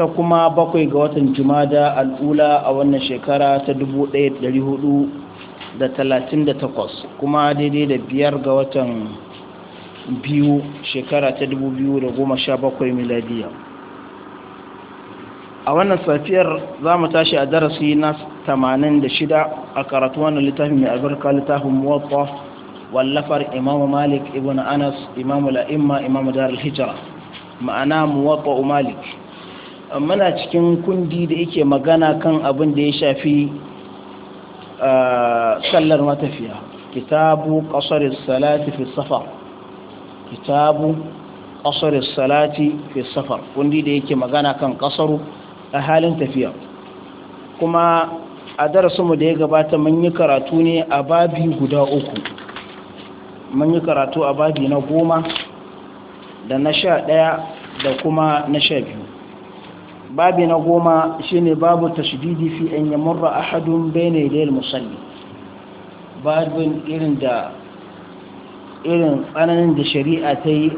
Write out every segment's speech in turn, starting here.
ta kuma bakwai ga watan jumada al'ula a wannan shekara ta 1438 kuma daidai da biyar ga watan biyu shekara ta 2017 miladiya a wannan safiyar za mu tashi a darasi na 86 a karatu wannan littafin mai albarka littafin muwaffa wallafar imamu malik ibn anas imamu la'imma imamu darar hijira ma'ana muwaffa malik Muna cikin kundi da yake magana kan abin da ya shafi sallar matafiya kitabu ƙasar salati fi safar kitabu ƙasar salati fi safar kundi da yake magana kan ƙasaru a halin tafiya kuma a darasin mu da ya gabata mun yi karatu ne a babi guda uku mun yi karatu a babi na goma da na sha ɗaya da kuma na sha biyu babi na goma shine babu tashdidi fi an yamurra ahadun bayna yadayil musalli babin irin da irin tsananin da shari'a ta yi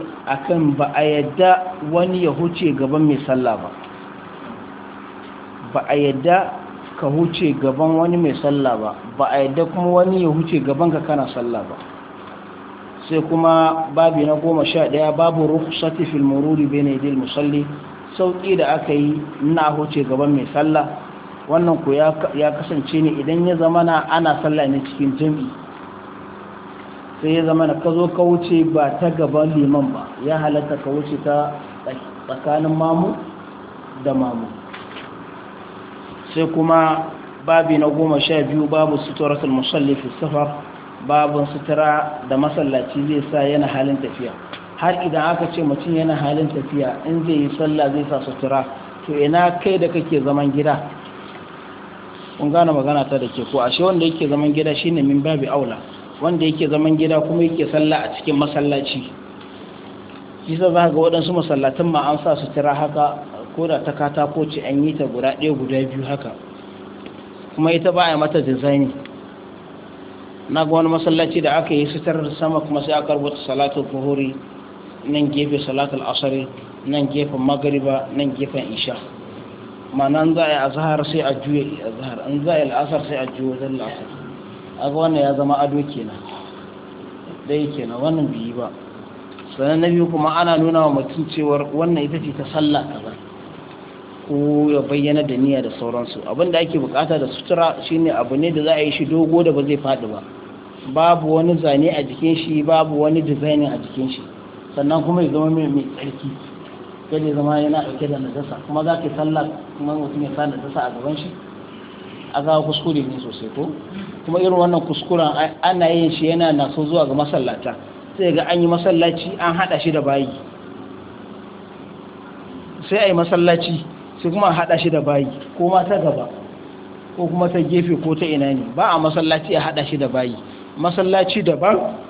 kan ba a yadda wani ya huce gaban mai sallah ba ba a yadda ka huce gaban wani mai sallah ba ba a yadda kuma wani ya huce gaban ka kana sallah ba sai kuma babi na goma sha ɗaya babu rukhsati fil bene bayna musalli sauƙi da aka yi na huce gaban mai sallah wannan ku ya kasance ne idan ya zama na ana sallah ne cikin jam'i sai ya zama na ka zo ka wuce ba ta gaban liman ba ya halatta ka wuce ta tsakanin mamu da mamu sai kuma babi na goma sha biyu babu suturatul musallafi fi safar babin sutura da masallaci zai sa yana halin tafiya har idan aka ce mutum yana halin tafiya in zai yi sallah zai sa sutura to ina kai da kake zaman gida kun gane magana ta da ke ko ashe wanda yake zaman gida shine min babi aula wanda yake zaman gida kuma yake sallah a cikin masallaci kisa za ga waɗansu masallatan ma an sa sutura haka ko da ta katako ce an yi ta guda ɗaya guda biyu haka kuma ita ba a mata dizaini na ga wani masallaci da aka yi sutar sama kuma sai aka rubuta salatu fuhuri nan gefe salatul asari nan gefen magariba nan gefen isha Manan za a yi azahar sai a juya azahar an za a yi al'asar sai a juya zan la'asar aga wannan ya zama ado kenan dai kenan wannan biyu ba sannan na biyu kuma ana nuna wa mutum cewar wannan ita ce ta sallah kaza ko ya bayyana da niyya da sauransu abin da ake bukata da sutura shine abu ne da za a yi shi dogo da ba zai faɗi ba babu wani zane a jikin shi babu wani dizainin a jikin shi sannan kuma ya zama mai mai tsarki kai zama yana dauke da najasa kuma za ka yi sallah kuma mutum ya sa najasa a gaban shi a ga kuskure ne sosai ko kuma irin wannan kuskuren ana yin shi yana so zuwa ga masallata sai ga an yi masallaci an hada shi da bayi sai a yi masallaci sai kuma a hada shi da bayi ko ma ta gaba ko kuma ta gefe ko ta ina ne ba a masallaci a hada shi da bayi masallaci daban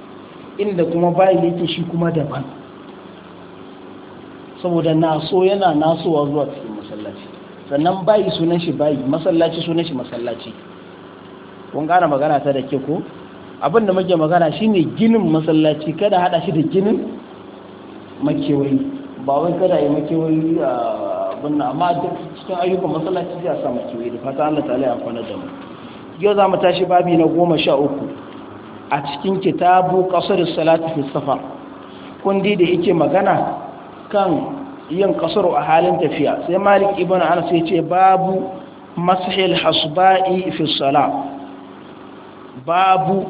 inda kuma bayan yake shi kuma daban saboda naso yana nasowa zuwa cikin masallaci sannan bayi sunan shi bayi masallaci sunan shi masallaci kun gane magana ta da ke ko abinda da muke magana shine ginin masallaci kada hada shi da ginin makewayi ba wai kada yi makewayi a abin amma duk cikin ayyukan masallaci ya sa makewayi da fata Allah ta ya amfana da mu yau za mu tashi babi na goma sha uku a cikin kitabu ƙasar salatu fi safar kundi da yake magana kan yin kasar a halin tafiya sai malik ibn anas ya ce babu mashil hasba'i fi sala babu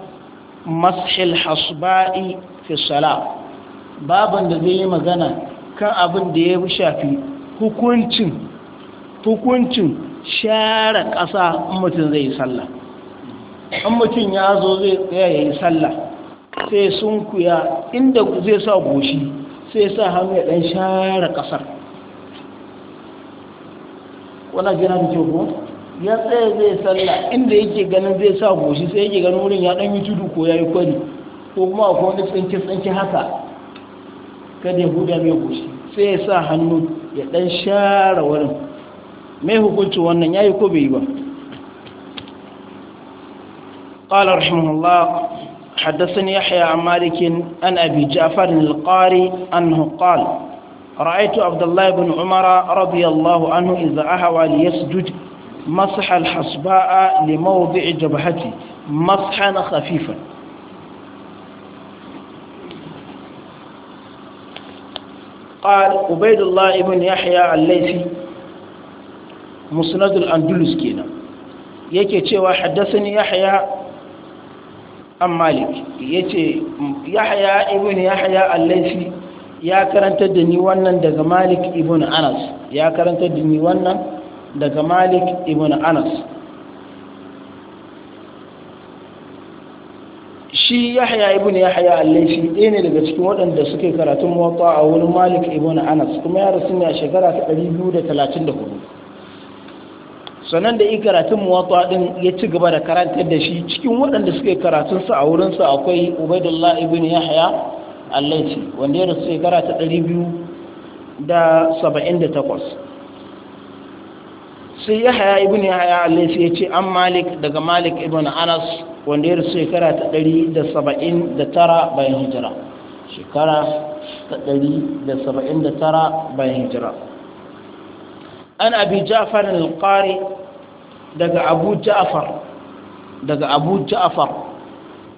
mashil hasba'i fi sala baban da zai yi magana kan abin da ya shafi hukuncin hukuncin share ƙasa mutum zai yi sallah an mutum ya zo zai tsaya ya yi sallah sai sun kuya inda zai sa goshi sai sa hannu ya ɗan share ƙasar wana jira da kyau ya tsaya zai sallah inda yake ganin zai sa goshi sai yake ganin wurin ya ɗan yi tudu ko ya yi kwari ko kuma akwai wani tsinki tsinki haka kada ya huda mai goshi sai ya sa hannu ya ɗan share wurin mai hukuncin wannan ya yi ko bai yi ba قال رحمه الله حدثني يحيى عن مالك عن أبي جعفر القاري أنه قال رأيت عبد الله بن عمر رضي الله عنه إذا أهوى ليسجد مسح الحصباء لموضع جبهتي مسحا خفيفا قال عبيد الله بن يحيى الليثي مسند الأندلس كينا yake cewa haddasani yahya an malik ya ce yahya ibn yahya allaisi ya karanta da ni wannan daga malik ibn anas ya karanta da ni wannan daga malik ibn anas shi yahya ibn yahya al-laysi ɗaya ne daga cikin waɗanda suke karatun mota a wurin malik ibn anas kuma ya rasu ne a shekara ta 234 sannan da yi karatun muwatsa din ya ci gaba da karantar da shi cikin waɗanda suke karatun sa a wurin sa akwai ubaidullah ibn yahya allaiti wanda ya rasu shekara ta 278 sai yahya ibn yahya allaiti ya ce an malik daga malik ibn anas wanda ya rasu shekara ta 179 bayan hijira shekara ta 179 bayan hijira an abi ja'far al-qari daga abu ja'far daga abu ja'far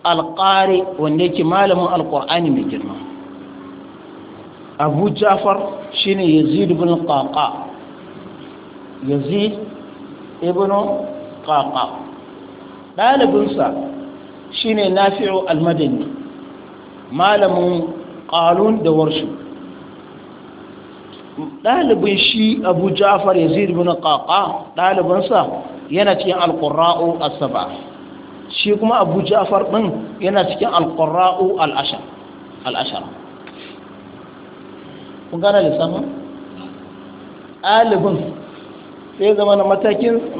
al-qari wanda yake malamin alqur'ani mai girma abu ja'far shine yazid ibn qaqa yazid ibn qaqa dalibinsa shine nafi'u al-madani malamin qalun da warshu ɗalibin shi abu jafar ziri bin ƙaƙa ɗalibinsa yana cikin alqurra'u a saba shi kuma abu jafar ɗin yana cikin alqurra'u al'ashara ashar al kun ɗalibin sai zama na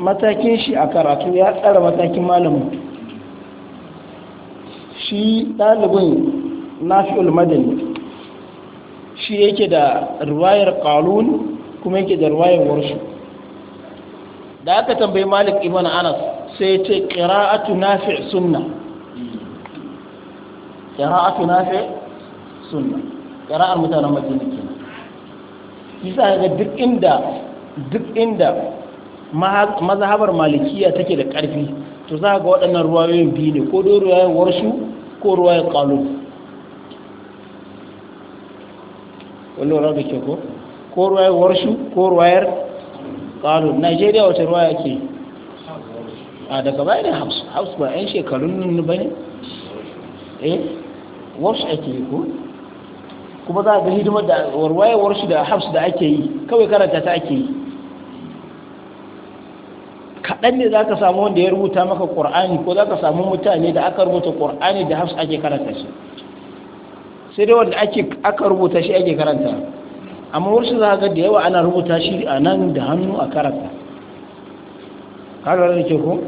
matakin shi a karatu ya tsara matakin malamin shi ɗalibin fi madani shi yake da ruwayar kalun kuma yake da ruwayar warshu da aka tambayi malik ibn anas sai ya ce qira'atu nafi' sunna qira'atu nafi' sunna qira'ar mutanen madina kenan yasa ga duk inda duk inda mazhabar malikiya take da ƙarfi to za ga waɗannan ruwayoyin biyu ne ko do ruwayar warshu ko ruwayar kalun kullura da ke ko ko ruwayar warshu ko ruwayar ƙalu nigeria wata ruwaya ke a daga bayan ne hafsu ba 'yan shekarun nuna ba ne eh warshu ake yi ko kuma za a ga hidimar da ruwayar warshu da hafsu da ake yi kawai karanta ta ake yi kaɗan ne za ka samu wanda ya rubuta maka ƙur'ani ko za ka samu mutane da aka rubuta ƙur'ani da hafsu ake karanta shi sai dai wanda ake aka rubuta shi ake karanta amma wasu za ga da yawa ana rubuta shi a nan da hannu a karanta karar da ke ko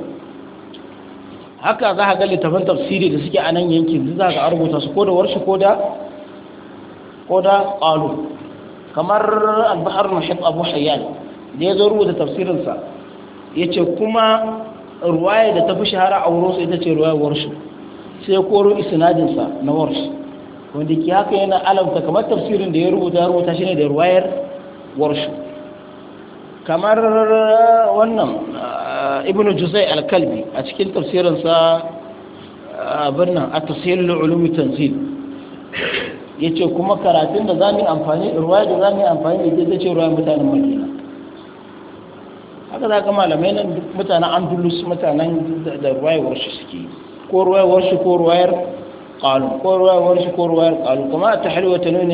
haka za a ga littafin tafsiri da suke a nan yankin za a rubuta su ko da warshi ko da ko da ƙalu kamar albahar mahib abu hayyan da ya zo rubuta tafsirinsa ya ce kuma ruwaya da ta fi shahara a wurinsu ita ce ruwaya warshi sai koro isinadinsa na warshi wanda ke haka yana alamta kamar tafsirin da ya rubuta rubuta shi ne da ruwayar warshu kamar wannan ah, ibn juzai al-kalbi a cikin tafsirinsa ah, abin nan a tasirin ulumi tanzil ya ce kuma karatun da za mu amfani ruwaya da za mu amfani da ita ce ruwaya mutanen madina haka za ka malamai nan mutanen andalus mutanen da ruwayar warshu suke ko ruwayar warshu ko ruwayar قالوا كوروا ورش كوروا قالوا كما تحلو وتنون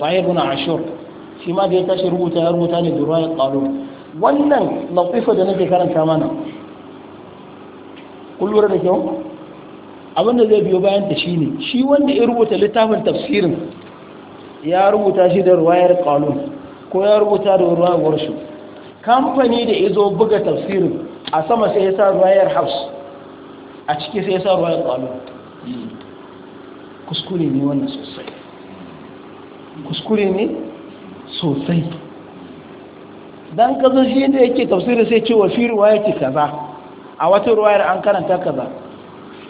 طعير بن عاشور shi ma da ya rubuta ya rubuta ne durwa ya ƙaro wannan laƙifa da nake karanta mana kun da kyau abin da zai biyo bayan ta shi ne shi wanda ya rubuta littafin tafsirin ya rubuta shi da ruwayar ƙalun ko ya rubuta da ruwayar shi kamfani da izo buga tafsirin a sama sai ya sa ruwayar a ciki sai ya sa ruwayar kuskure ne wannan sosai kuskure ne sosai dan kazo shi ne yake tafsiri sai ce wa fi ce kaza a wata ruwayar an karanta kaza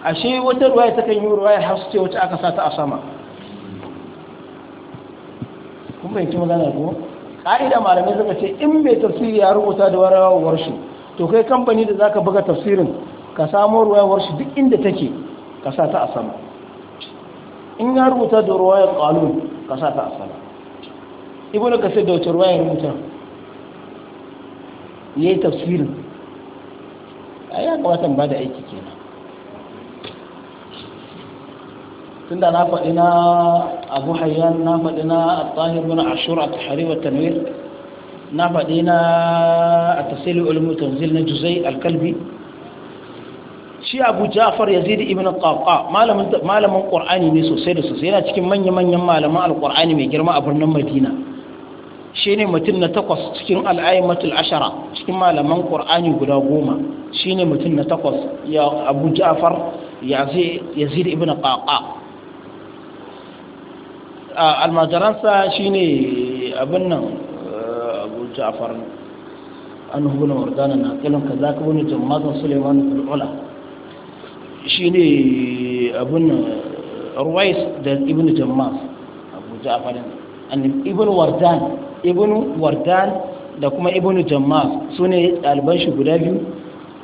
ashe wata ruwaya ta kan yi ruwaya har su ce wacce aka sa ta a sama kun bai kima ko ka'ida malamai suka ce in mai tafsiri ya rubuta da warawar shi to kai kamfani da zaka buga tafsirin ka samo ruwayar shi duk inda take ka sa ta a sama in ya rubuta da ruwayar qalun ka sa ta asala ibnu kasir da wata ruwayar rubuta yayi tafsirin ai ya kamata ba da aiki kenan tunda na faɗi na abu hayyan na faɗi na al-tahir bin ashur at wa tanwir na faɗi na at-tasil ulum tanzil na juzai al-kalbi shi abu ja'far yazid ibn qaqa malamin malamin qur'ani ne sosai da sosai yana cikin manyan manyan malaman alqur'ani mai girma a birnin madina shine mutum na takwas cikin al'aimatul ashara cikin malaman qur'ani guda goma shine mutum na takwas ya abu ja'far yazid ibn qaqa almajaransa shine abin nan eh, abu ja'far an na wardana na kilon za ka wani jama'atan suleiman kul'ula shi ne abin ruwais da ibn jammas abu ja'afar ibn wardan ibn wardan da kuma ibn jammas su ne ɗaliban shi guda biyu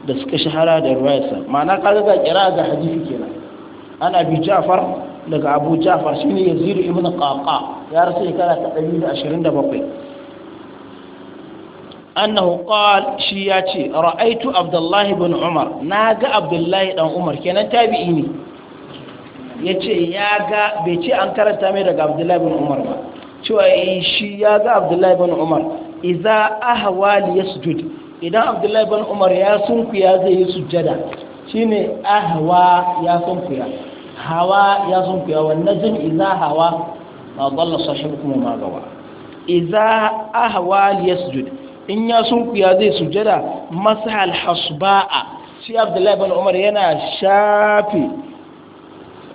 da suka shahara da ruwaisa ma'ana ƙarfi ga kira ga hadisi kenan ana bi ja'far daga abu ja'far shi ne yaziru ibn qaqa ya rasu shekara ta 127 annahu qal shi ya ce ra'aitu abdullahi ibn umar na ga abdullahi dan umar kenan tabi'i ne ya ce ya ga bai ce an karanta mai daga abdullahi ibn umar ba cewa eh, shi ya ga abdullahi ibn umar iza ahwa li yasjud idan abdullahi ibn umar ya sunkuya zai yi sujjada shine ahwa ya sunkuya hawa ya sunkuya wannan jin iza hawa ma dalla sahibukum ma gawa iza ahwa li yasjud in ya sunkuya zai sujada masahal hasba'a shi abdullahi bin umar yana shafe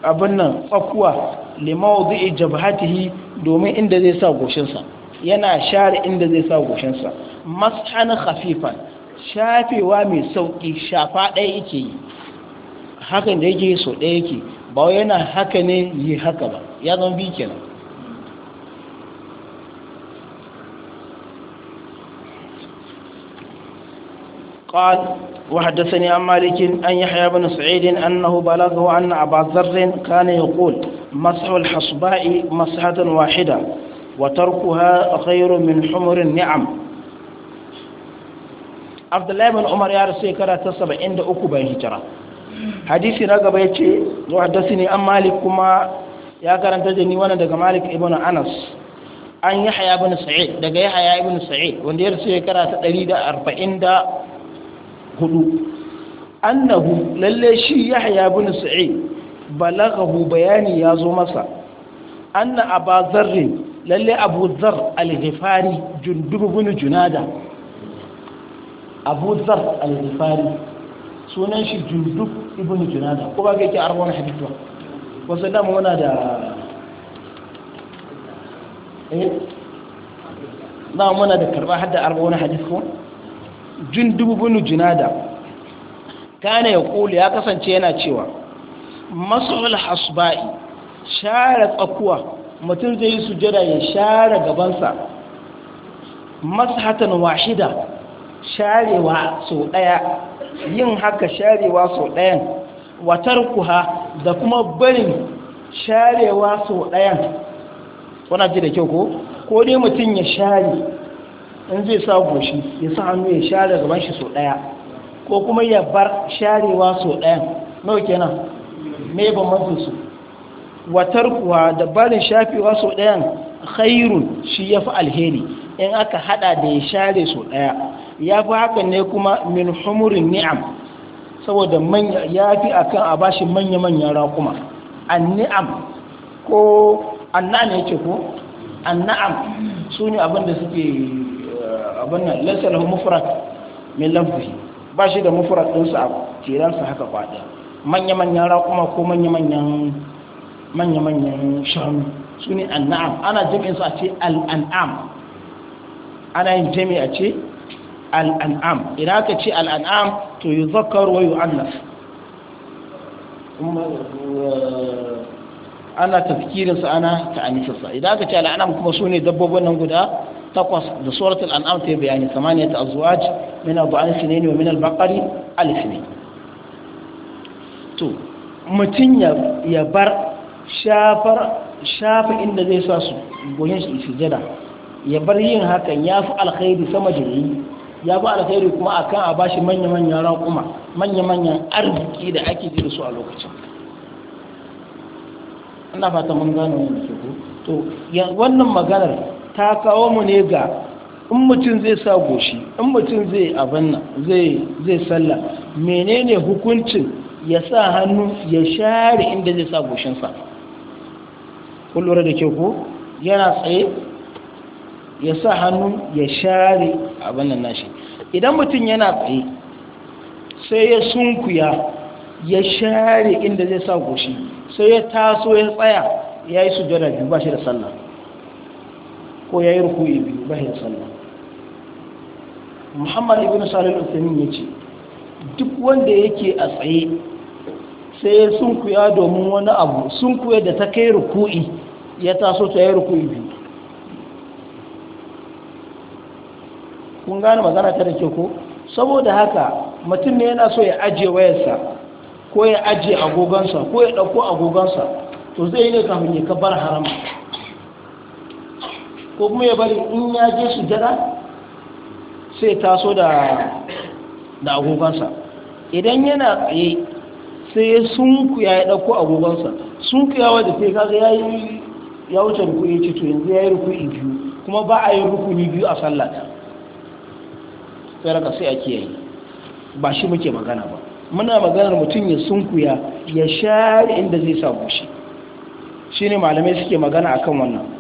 abin nan tsakuwa limawdi jabhatihi domin inda zai sa goshinsa yana share inda zai sa goshinsa mashan khafifan shafewa mai sauki shafa ɗaya yake yi hakan da yake so ɗaya yake ba yana haka ne yi haka ba ya zama bi kenan قال وحدثني عن مالك أن يحيى بن سعيد أنه بلغه أن أبا ذر كان يقول مسح الحصباء مسحة واحدة وتركها خير من حمر النعم عبد الله بن عمر يا رسول كرا تسبع عند أكو هجرة حديثي رقبة يتي وحدثني عن مالك كما يا كرنت جني وانا دقى مالك ابن أنس أن يحيى بن سعيد دقى يحيى بن سعيد وندير سيكرا تقريد أربعين دا hudu annahu lalle shi yahya bin sa'id balaghahu bayani ya zo masa anna abazar zarri lalle abu zar al-ghifari jundub bin junada abu zar al-ghifari sunan shi jundub ibn junada ko ba yake arwan hadith ba wasu da muna da eh na muna da karba hadda arwan hadith ko dubu binu junada kana ya kula ya kasance yana cewa masul hasba'i share tsakuwa mutum zai yi sujada ya share gabansa mashatan wahida sharewa sau daya yin haka sharewa sau dayan watarkuha da kuma barin sharewa sau dayan wana ji da kyau ko ko dai mutum ya share in zai sa goshi ya sa hannu ya share gaban shi sau ɗaya ko kuma ya bar sharewa sau ɗayan nau kenan me ban mafi su watar kuwa da barin shafewa sau ɗayan khairun shi ya fi alheri in aka hada da ya share sau ɗaya ya fi haka ne kuma min humurin ni'am saboda ya fi akan a bashi manya-manyan rakuma an ni'am ko na ne ce ko na'am su ne abinda suke abin nan laysa lahu mufrad min lafzi ba shi da mufrad din sa tiran sa haka kwada manya manyan raƙuma ko manya manyan manya manyan shanu sune an'am ana jami'in su a ce al-an'am ana yin jami'a ce al-an'am idan aka ce al-an'am to yuzakkar wa yu'annas eh, ana tafkirinsa ana ta'anisarsa idan aka ce al'anam kuma su ne dabbobin nan guda takwas da suratul an'am ta bayani samaniya ta azwaj min al-ba'an ne wa min al-baqari alif ne to mutum ya bar shafar shafa inda zai sa su goyen shi sujada ya bar yin hakan ya fi alkhairi sama da yi ya fi alkhairi kuma akan a bashi manya manya raƙuma manya-manyan arziki da ake ji da su a lokacin ina fata mun gano wani ke to wannan maganar ta kawo mu ne ga in mutum zai sa goshi in mutum zai abinna zai salla menene hukuncin ya sa hannu ya share inda zai sa goshinsa kullura da ke ku yana tsaye ya sa hannu ya share abin nashi idan mutum yana tsaye sai ya sunkuya ya share inda zai sa goshi sai ya taso ya tsaya ya yi su jara biyu ba shi da sallah ko ya yi rukuyi biyu bayan sallah muhammad ibn salim al ya ce duk wanda yake a tsaye sai ya sunkuya domin wani abu sun sunkuya da ta kai ruku'i ya taso ta yi ruku'i biyu kun gane magana ta da ke ko saboda haka mutum ne yana so ya ajiye wayarsa ko ya ajiye agogansa ko ya ɗauko agogansa to zai ne kafin ya kabar harama ko kuma ya bari in ya je jada sai taso da da agogansa idan yana tsaye sai ya sunkuya ya ɗauko agogonsa sunkuyawa da sai kaga ya yi ya wuce ya ce to yanzu ya yi in biyu kuma ba a yi rukuni biyu a sallata sai raka sai a kiyaye ba shi muke magana ba muna maganar mutum ya sunkuya ya share inda zai sa shi ne malamai suke magana akan wannan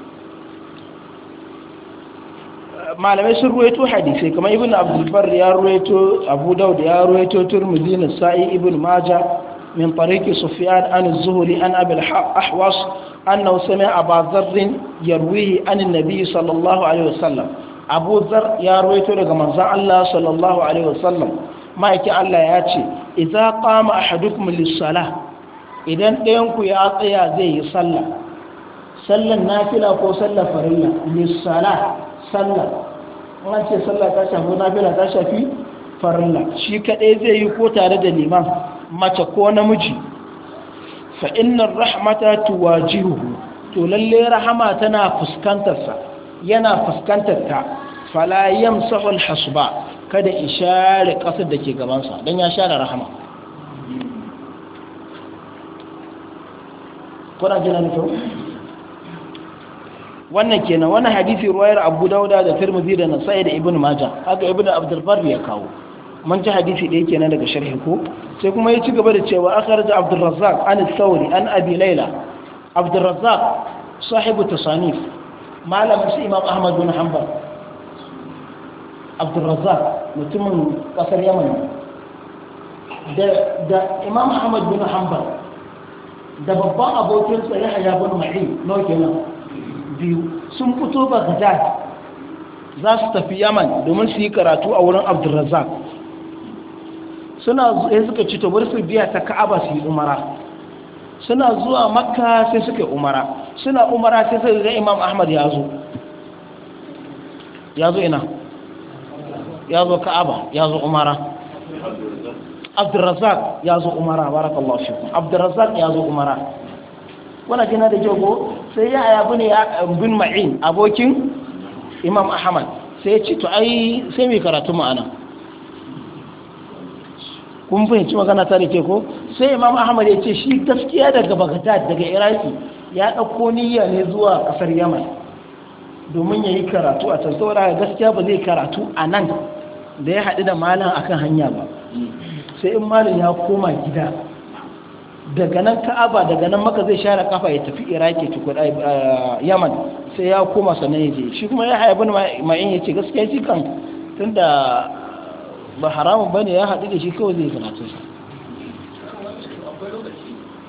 malamai sun ruwaito hadisai kamar ibn abdulbar ya ruwaito abu daud ya ruwaito turmudi Sa'i ibn maja min tariki sufyan an zuhuri an abil ahwas annahu sami'a abu dharr yarwihi an annabi sallallahu alaihi wasallam abu dhar ya ruwaito daga manzon Allah sallallahu alaihi wasallam ma'aikin Allah ya ce idza qama ahadukum lis-salah idan ɗayanku ya tsaya zai yi sallah sallan nafila ko sallar farilla lis-salah sallah an ce sallah ta shafi nafila ta shafi farilla shi kadai zai yi ko tare da liman mace ko namiji fa ina rahmata jihu to lalle rahama tana fuskantar yana fuskantar ta fala yamsahu alhasba kada ishare kasar da ke gaban sa dan ya share rahama kuna jina to wannan kenan wannan hadisi ruwayar abu dauda da tirmidhi da nasai da ibnu maja haka ibnu abdul barr ya kawo man ji hadisi ɗaya kenan daga sharhi ko sai kuma ya ci gaba da cewa akhraj abdul razzaq an thawri an abi layla abdul razzaq sahibu tasanif malam su imam ahmad bin hanbal abdul razzaq mutumin kasar yaman da da imam ahmad bin hanbal da babban abokin sa yahya bin ma'in no kenan biyu sun fito baghdad za su tafi yaman domin su yi karatu a wurin abdulrazak suna zuwa suka ci tobar su biya ta ka'aba su yi umara suna zuwa makka sai suka umara suna umara sai sai ga imam ahmad ya zo ya zo ina ya zo ka'aba ya zo umara abdulrazak ya zo umara barakallahu shi abdulrazak ya zo umara wana jina da jago sai ya abu ne ya um, bin ma'in abokin imam ahmad sai ya ce to ai sai mai karatu ma'ana kun fahimci magana ta da ko sai imam ahmad ya ce shi gaskiya daga bagdad daga iraki ya ɗauko niyya ne zuwa ƙasar yaman domin ya yi karatu a can saboda gaskiya ba zai karatu a nan da ya haɗu da malam akan hanya ba sai in malam ya koma gida daga nan ka'aba daga nan maka zai share kafa ya tafi iraki tukur eh, yaman sai ya koma sannan ya je shi kuma ya haibu ma'in ya ce gaskiya shi kan tun da ba haramun ba ne ya haɗu da shi kawai zai sanatu sa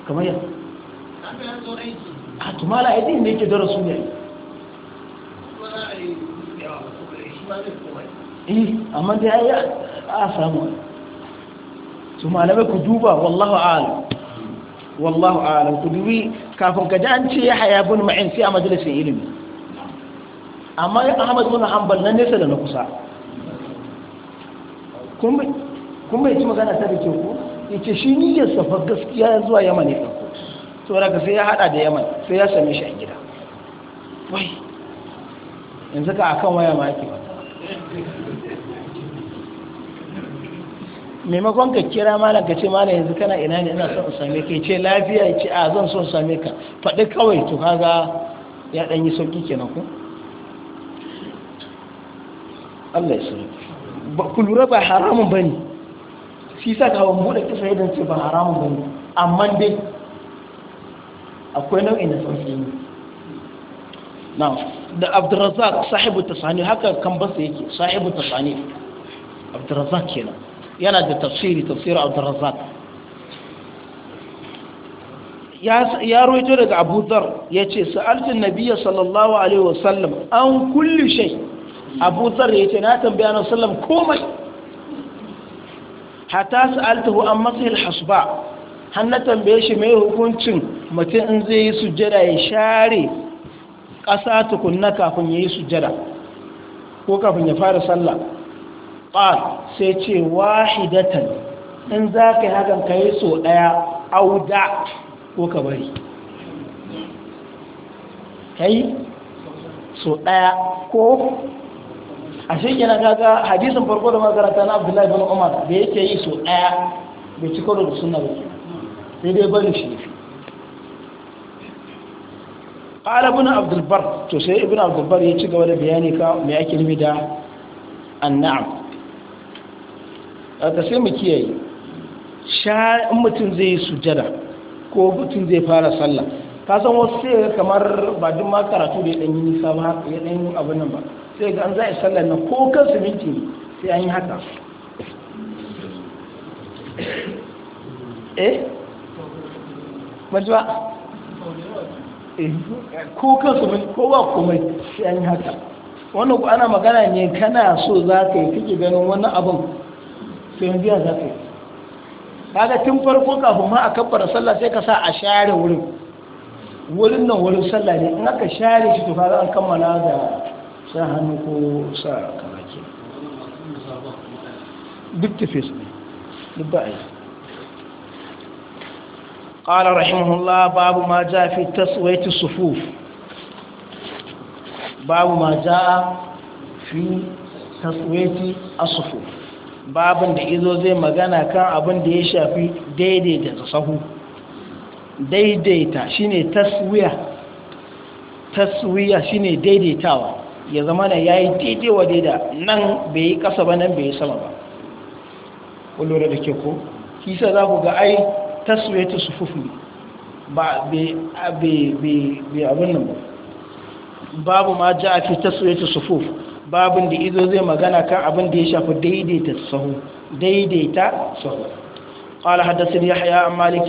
kamar yau a ah, tumala aiki ne ke su ne eh amma da ya yi a samu su mai ku duba wallahu a'lam wallahu a'lam ku dubi kafin ka ji an ce ya haya bin ma'in sai a majalisin ilimi amma ya ahmad bin hanbal na nesa da na kusa kuma bai ci magana ta da ke ku yace shi niyyar safa gaskiya zuwa yaman ne farko saboda ka sai ya hada da yaman sai ya same shi a gida wai yanzu ka akan waya ma yake ba maimakon ka kira malam ka ce malam yanzu kana ina ne ina son same ka ce lafiya ya ce a ah, zan son same ka faɗi kawai to kaga ya ɗan yi sauƙi kenan ku Allah ya sauri ba ku lura ba haramun ba ne shi sa ka hawa buɗe kisa yadda ce ba haramun ba ne amma dai akwai nau'in da sauƙi ne na da abdurrazak sahibu tasani haka kan basa yake sahibu tasani abdurrazak kenan yana da tafsiri tafsir abdurrazzaq ya ruwaito daga abu dhar ya ce sa'altun nabiya sallallahu alaihi wasallam an kulli shai abu dhar ya ce na tambaya na sallam komai hata sa'altahu an matsayil hasba har na tambaye shi mai hukuncin mutum in zai yi sujjada ya share ƙasa tukunna kafin ya yi sujjada ko kafin ya fara sallah qal sai ce wahidatan in zaka ka yi hakan ka yi so ɗaya auda ko ka bari ka so ɗaya ko a shi yana kaga hadisin farko da makaranta na abdullahi bin umar da yake yi so ɗaya bai ci karo da suna ba sai dai bari shi fi قال ابن عبد البر تو سي ابن عبد البر يجي غوا ده بياني كا me ake da annam aka sai mu kiyaye sha in mutum zai yi sujada ko mutum zai fara sallah ka san wasu sai kamar ba duk ma karatu da ya dan yi nisa ba ya dan yi abin nan ba sai ga an za a sallar nan ko kan siminti ne sai an yi haka eh majuwa eh, ko kan minti ko ba komai sai an yi haka wannan ana magana ne kana so za ka yi kake ganin wannan abin sayan biya za ka yi kaga tun farko kafin ma a kabbara sallah sai ka sa a share wurin wurin nan wurin sallah ne in aka share shi to kaga an kammala da sa hannu ko sa kamaki duk tafi su ne duk ba a yi قال رحمه الله babin da izo zai magana kan abin da ya shafi daidaita sahu daidaita shine taswiya taswiya shine daidaitawa ya zama na yayi daidaiwa daida nan bai yi kasa ba nan bai yi sama ba kullure da ke ko kisa za ku ga ai ta sufufu ba bai abin nan ba babu ma ja a fi ta sufufu babin da izo zai magana kan abin da ya shafi daidaita sahu daidaita sahu qala hadathani yahya an malik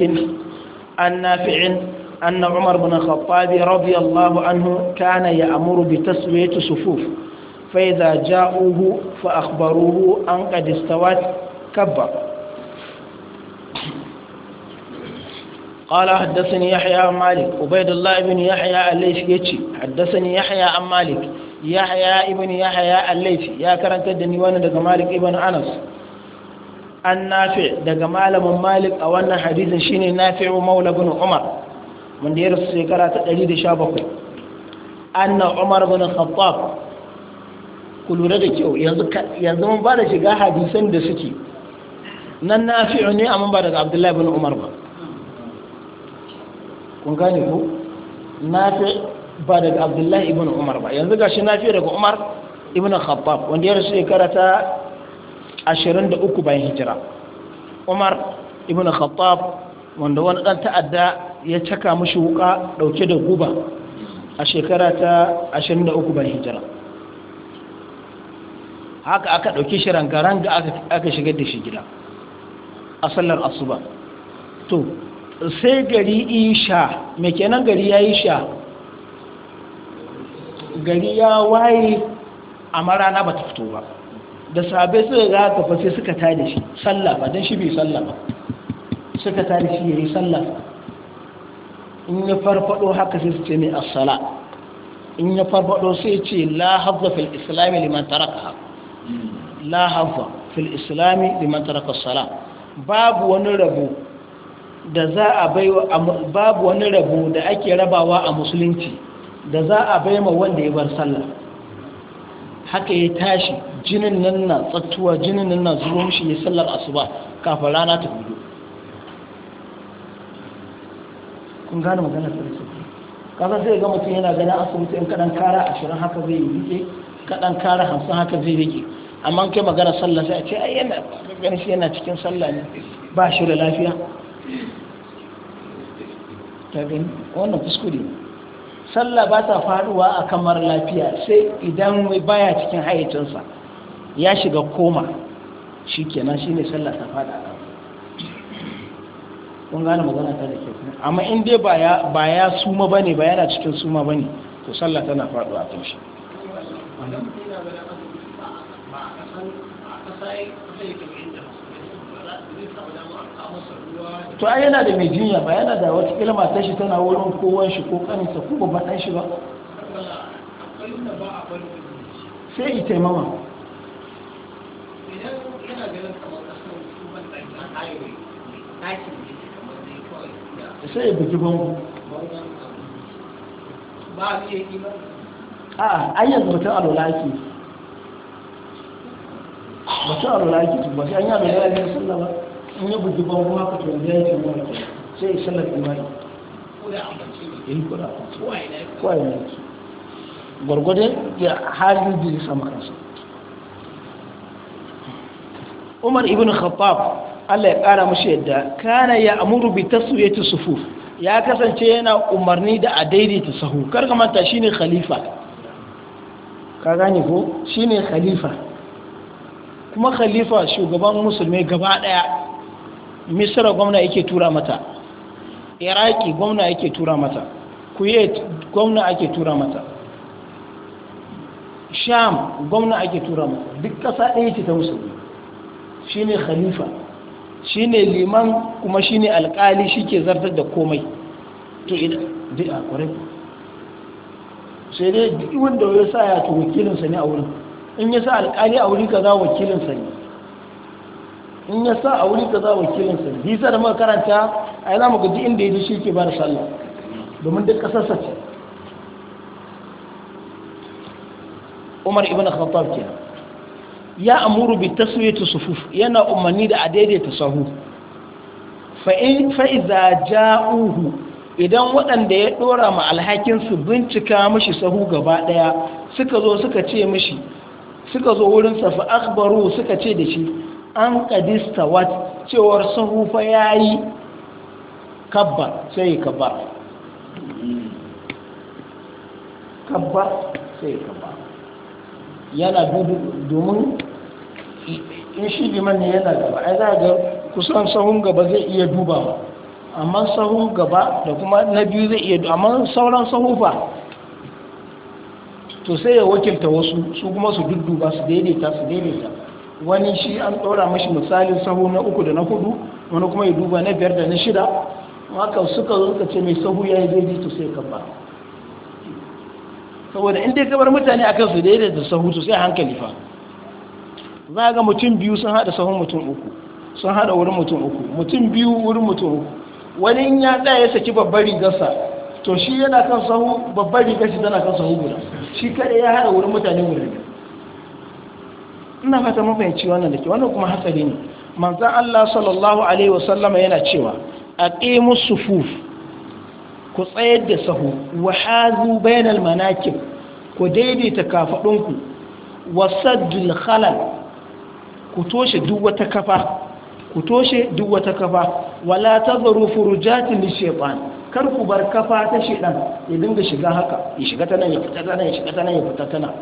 an nafi' anna umar bin khattab radiyallahu anhu kana ya'muru bi taswiyati sufuf fa idha ja'uhu fa akhbaruhu an qad istawat kabba قال حدثني يحيى عن مالك عبيد الله بن يحيى الليثي حدثني يحيى عن مالك yahya ibn yahya al-laifi ya karantar da ni wannan daga malik ibn anas an nafi daga malamin malik a wannan hadisin shine nafi'u maula ibn umar wanda ya rasu shekara ta 117 anna umar ibn khattab ku lura da kyau yanzu yanzu mun bada shiga hadisan da suke nan nafi ne amma ba daga abdullahi ibn umar ba kun gane ko nafi' ba daga abdullahi ibn umar ba yanzu gashi na fiye daga umar ibn khattab wanda ya rasu shekara ta 23 bayan hijira umar ibn khattab wanda wani dan ta'adda ya caka mashi wuka dauke da guba a shekara ta 23 bayan hijira haka aka dauki shi rangaranga aka shigar da shi gida a sallar asuba to sai gari isha mai kenan gari ya yi sha gari ya waye a marana ba ta fito ba da sabe suka ga kafa sai suka tada shi sallah ba don shi bai sallah ba suka tada shi ya yi sallah in ya farfado haka sai su ce mai assala in ya farfado sai ce la hafza fil islami liman taraka la hafza fil islami liman taraka sala babu wani rabo da za a baiwa babu wani rabo da ake rabawa a musulunci da za a bai ma wanda ya bar sallah haka ya tashi jinin nan na tsattuwa jinin nan na zuwa mishi ya sallar asuba kafin rana ta gudu kun gane magana sarki kasar sai ga mutum yana ganin asibiti in kaɗan kara ashirin haka zai yi rike kaɗan kara hamsin haka zai rike amma kai magana sallah sai a ce ai yana ganin shi yana cikin sallah ne ba shi da lafiya ta gani wannan kuskure ne sallah ba ta faruwa a kamar lafiya sai idan baya cikin hayyacinsa ya shiga koma shi kenan shi ne sallah ta fada a kun gane magana ta da ke kuma amma in dai ba ya suma ba ne ba yana cikin suma ba ne to sallah tana faɗuwa a kan shi to ai yana da mai jinya ba yana da wata kilma ta shi tana wurin kowan shi ko kaninsa ko babban ɗan shi ba sai ita mama sai ya bugi bango ba a fiye yi ba a ayyar mutum alwala mutum alwala ake ba sai an yi alwala sun sallah ba in ya buji ruwa ka tun ya yi ruwa ke sai ya sallar imani in kula na ne gwargwadon ya halin da ya samu kansa umar ibn khattab Allah ya kara mashi yadda kana ya amuru bi taswiyati sufuf ya kasance yana umarni da a daidaita sahu kar ka manta shine khalifa ka gane ko shine khalifa kuma khalifa shugaban musulmi gaba daya misra gwamna yake tura mata iraki gwamna yake tura mata kuwait gwamna ake tura mata sham gwamna ake tura mata duk ƙasa ɗaya ce ta musulmi shine khalifa shine liman kuma shine shi shike zartar da komai to ina duk a ƙwarai sai dai duk wanda ya sa ya ta wakilinsa ne a wurin in ya sa alƙali a ka za wakilinsa ne in ya sa a wuri wa wakilin sa bisa da maka karanta a za mu ga inda ya ji shi ke ba da sallah domin duk kasar sa ce Umar ibn Khattab ke ya amuru bi taswiyatu sufuf yana umarni da a daidaita sahu fa in fa iza ja'uhu idan waɗanda ya ɗora ma alhakin su bincika mashi sahu gaba ɗaya suka zo suka ce mishi suka zo wurin fa akbaru suka ce da shi an kadista wat cewar sahufa ya yi kabba sai ya kabba kabba sai kabba yana dudu domin in shi liman ne yana gaba ai za ga kusan sahun gaba zai iya duba amma sahun gaba da kuma na biyu zai iya amma sauran sahufa to sai ya wakilta wasu su kuma su dudduba su daidaita su daidaita wani shi an ɗora mashi misalin sahu na uku da na hudu wani kuma ya duba na biyar da na shida haka suka zuka ce mai sahu ya yi daidai to sai kabba saboda inda gabar mutane akan kansu daidai da sahu to sai hankali fa za ga mutum biyu sun haɗa sahun mutum uku sun haɗa wurin mutum uku mutum biyu wurin mutum uku wani in ya ɗaya ya saki babbar rigarsa to shi yana kan sahu babbar rigarsa shi tana kan sahu guda shi kaɗai ya haɗa wurin mutane guda ina fata mun fahimci wannan da ke wannan kuma hatsari ne manzan Allah sallallahu alaihi wasallama yana cewa aqimus sufuf ku tsayar da sahu wa hazu bainal manakib ku daidaita kafadunku wasaddul khalal ku toshe duk wata kafa ku toshe duk wata kafa wala tadharu furujatin lishaytan kar ku bar kafa ta shedan ya dinga shiga haka ya shiga ta nan ya fita ta nan ya shiga ta nan ya fita ta nan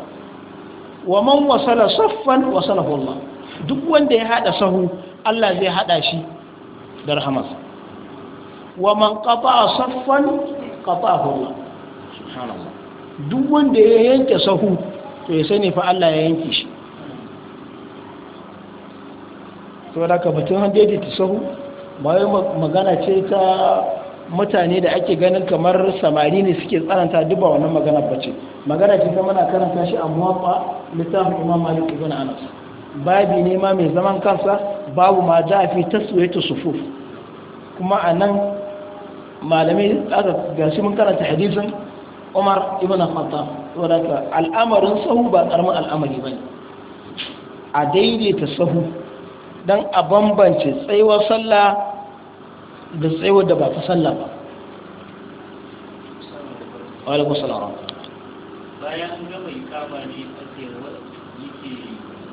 wa man wasala saffan wasala Allah duk wanda ya hada sahu Allah zai hada shi da rahmat wa man qata saffan qata'ahu Allah subhanallah duk wanda ya yanke sahu to ya sani fa Allah ya yanke shi to da ka batun hande da sahu bayan magana ce ta mutane da ake ganin kamar samari ne suke tsananta duba wannan magana bace magana ce ta mana karanta shi a muwaffa littafin imam malik ibn anas babi ne ma mai zaman kansa babu ma da fi ta sufuf kuma a nan malamai aka gashi mun karanta hadisin umar ibn khattab wanda al'amarin sahu ba karamin al'amari ne. a daidaita sahu don a bambance tsayuwar sallah da tsayuwar da ba ta sallah ba alaikun salam bayan an gama yi kama ne a tsayuwar yake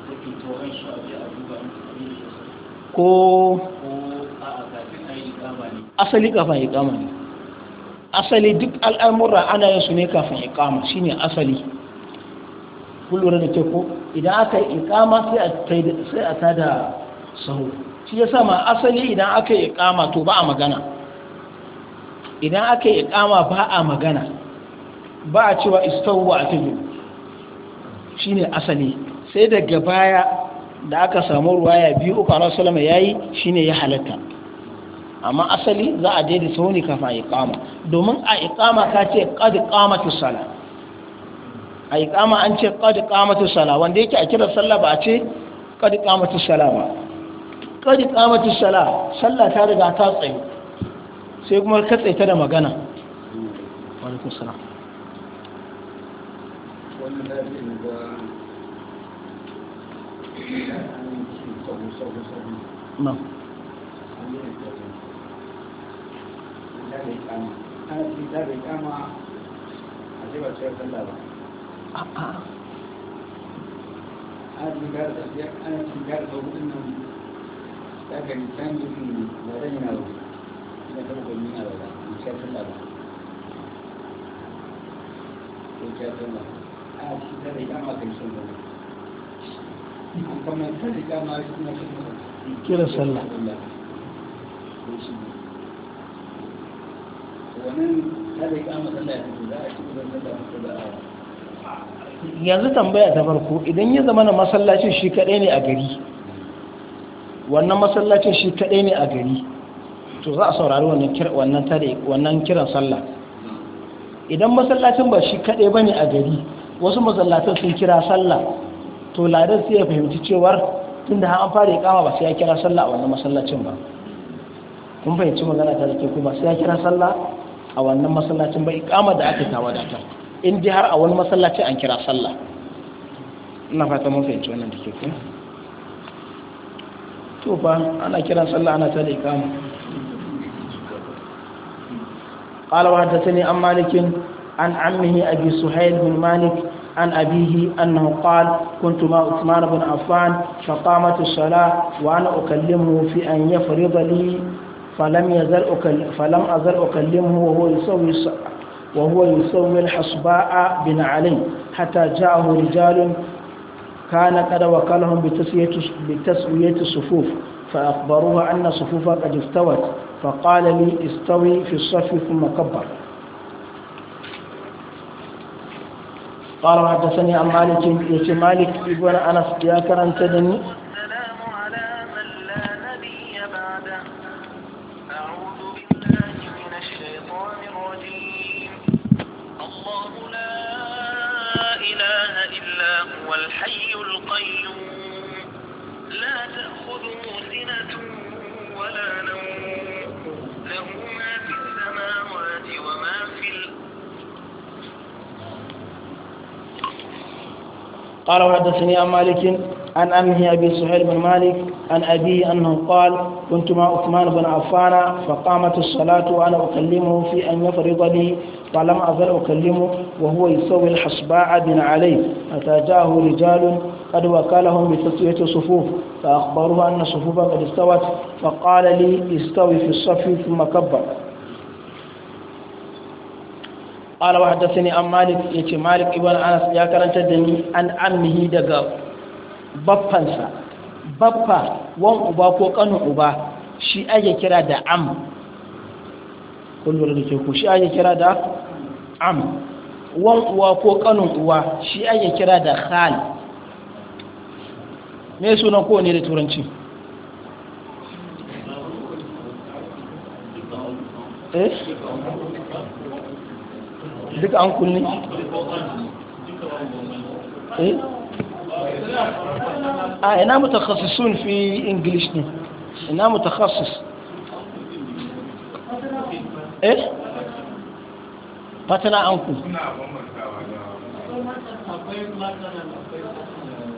tafi tsohon shi a duba ko asali kafin kama ne asali duk al'amura ana yin su ne kafin shi shine asali kullum da ke ko idan aka yi kama sai a tada sahu shi ya sama asali idan aka yi kama to ba a magana idan aka yi kama ba a magana ba a cewa istawwa a tijo shi ne asali sai daga baya da aka samu ya biyu uku ana salama ya yi shi ne ya halatta amma asali za a daidai sauni kafa a yi kama domin a yi kama ka ce kama ta sala a yi kama an ce kama ta sala wanda yake a kira sallah ba a ce kama ta sala ba kadi kamacin shala shalla ta riga ta tsaye sai kuma ka tsaye ta da magana walikun sana na a'a daga yanzu tambaya ta farko idan ya zama na masallacin shi kaɗai ne a gari wannan masallacin shi kaɗai ne a gari to za a saurari wannan kiran sallah idan masallacin ba shi kaɗai ba ne a gari wasu masallacin sun kira sallah to ladar sai ya fahimci cewar tun da an fara ya kama ba sai ya kira sallah a wannan masallacin ba kun fahimci magana ta zake kuma sai ya kira sallah a wannan masallacin ba ikama da aka tawa da ta in ji har a wani masallacin an kira sallah ina fata mun fahimci wannan da ke kuma to ana kiran sallah ana ta liqama qala wa hadathani am malik an ammihi abi suhail bin malik an abihi annahu qala kuntu ma usman bin affan fa qamat as-salah wa ana ukallimu fi an yafrid falam yazal ukallim falam azal ukallimu wa huwa yusawwi وهو يسوي الحصباء بن علي حتى جاءه رجال كان قد وكلهم بتسوية الصفوف فأخبروها أن صفوفها قد استوت فقال لي استوي في الصف ثم كبر قال حدثني عن مالك يتي مالك ابن أنس يا كرم تدني قال وحدثني عن مالك عن أمه أبي سهيل بن مالك عن أبي أنه قال كنت مع عثمان بن عفان فقامت الصلاة وأنا أكلمه في أن يفرض لي فلم أزل أكلمه وهو يسوي الحصباء بن علي فتاجاه رجال قد وكالهم بتسوية صفوف فأخبروه أن صفوفا قد استوت فقال لي استوي في الصف ثم كبر قال وحدثني عن مالك يتي مالك ابن أنس يا كرنت دني عن عمه دقا بابنسا بابا وان أبا كوكان أبا شي أجي كرا دا عم كل ولد شي أجي كرا دا عم wan uwa ko kanin uwa shi ake kira da khal me sunan kowane da turanci eh? duk an kulle eh? a ah, ina mutakhasisun fi english ne ina mutakhasis eh fatana an ku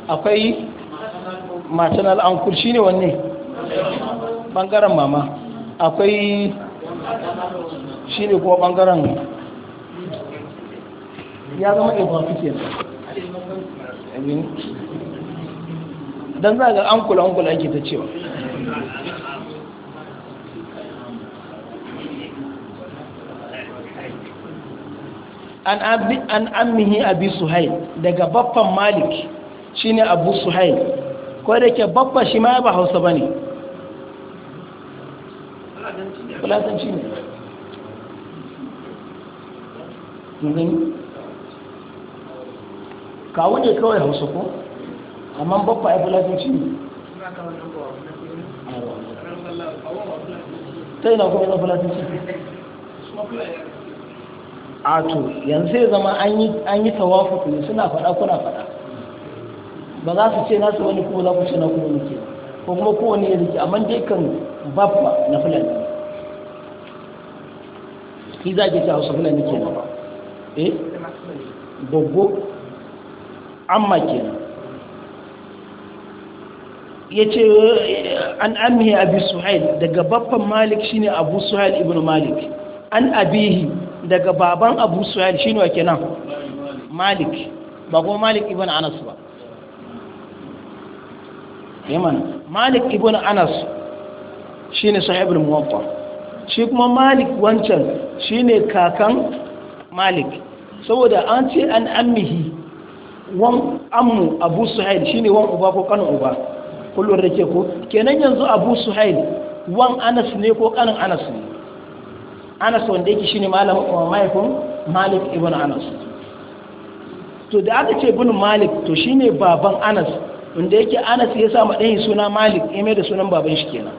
akwai al'ankul shi shine wanne ɓangaren mama akwai ne kuma ɓangaren ya zama ibafi ke don za ga ankul-ankul ake ta cewa an ammihi abi suhail daga baffan malik ne abu suhail ko da ke babba shi ma ya ba hausa ba ne fulatanci ne kawo ne kawai hausa ko amma babba ya fulatanci ne ta yi na kuma na fulatanci a to yanzu ya zama an yi tawafuku suna fada kuna fada ba za su ce nasu wani kuma za ku ce na kuma muke ko kuma ko ya rike amma dai kan babba na fulani shi za ke ce hausa fulani ke nan eh dogo amma ke nan ya ce an amhe Abu suhail daga babban malik shine abu suhail ibn malik an abihi daga baban abu suhail shine wa nan? malik ba kuma malik ibn anas ba yaman eh, malik ibn anas shine sahibul muwatta shi kuma malik wancan shi ne kakan malik saboda an ce an ammihi wan ammu abu suhail shine wan uba ko kanin uba kullum da ke ko kenan yanzu abu suhail wan anas ne ko kanin anas ne anas wanda yake shine malamin uh, mahaifin malik ibn anas to da aka ce bin malik to shine baban anas wanda yake anas ya sa maɗayin suna malik ya mai da sunan baban shi kenan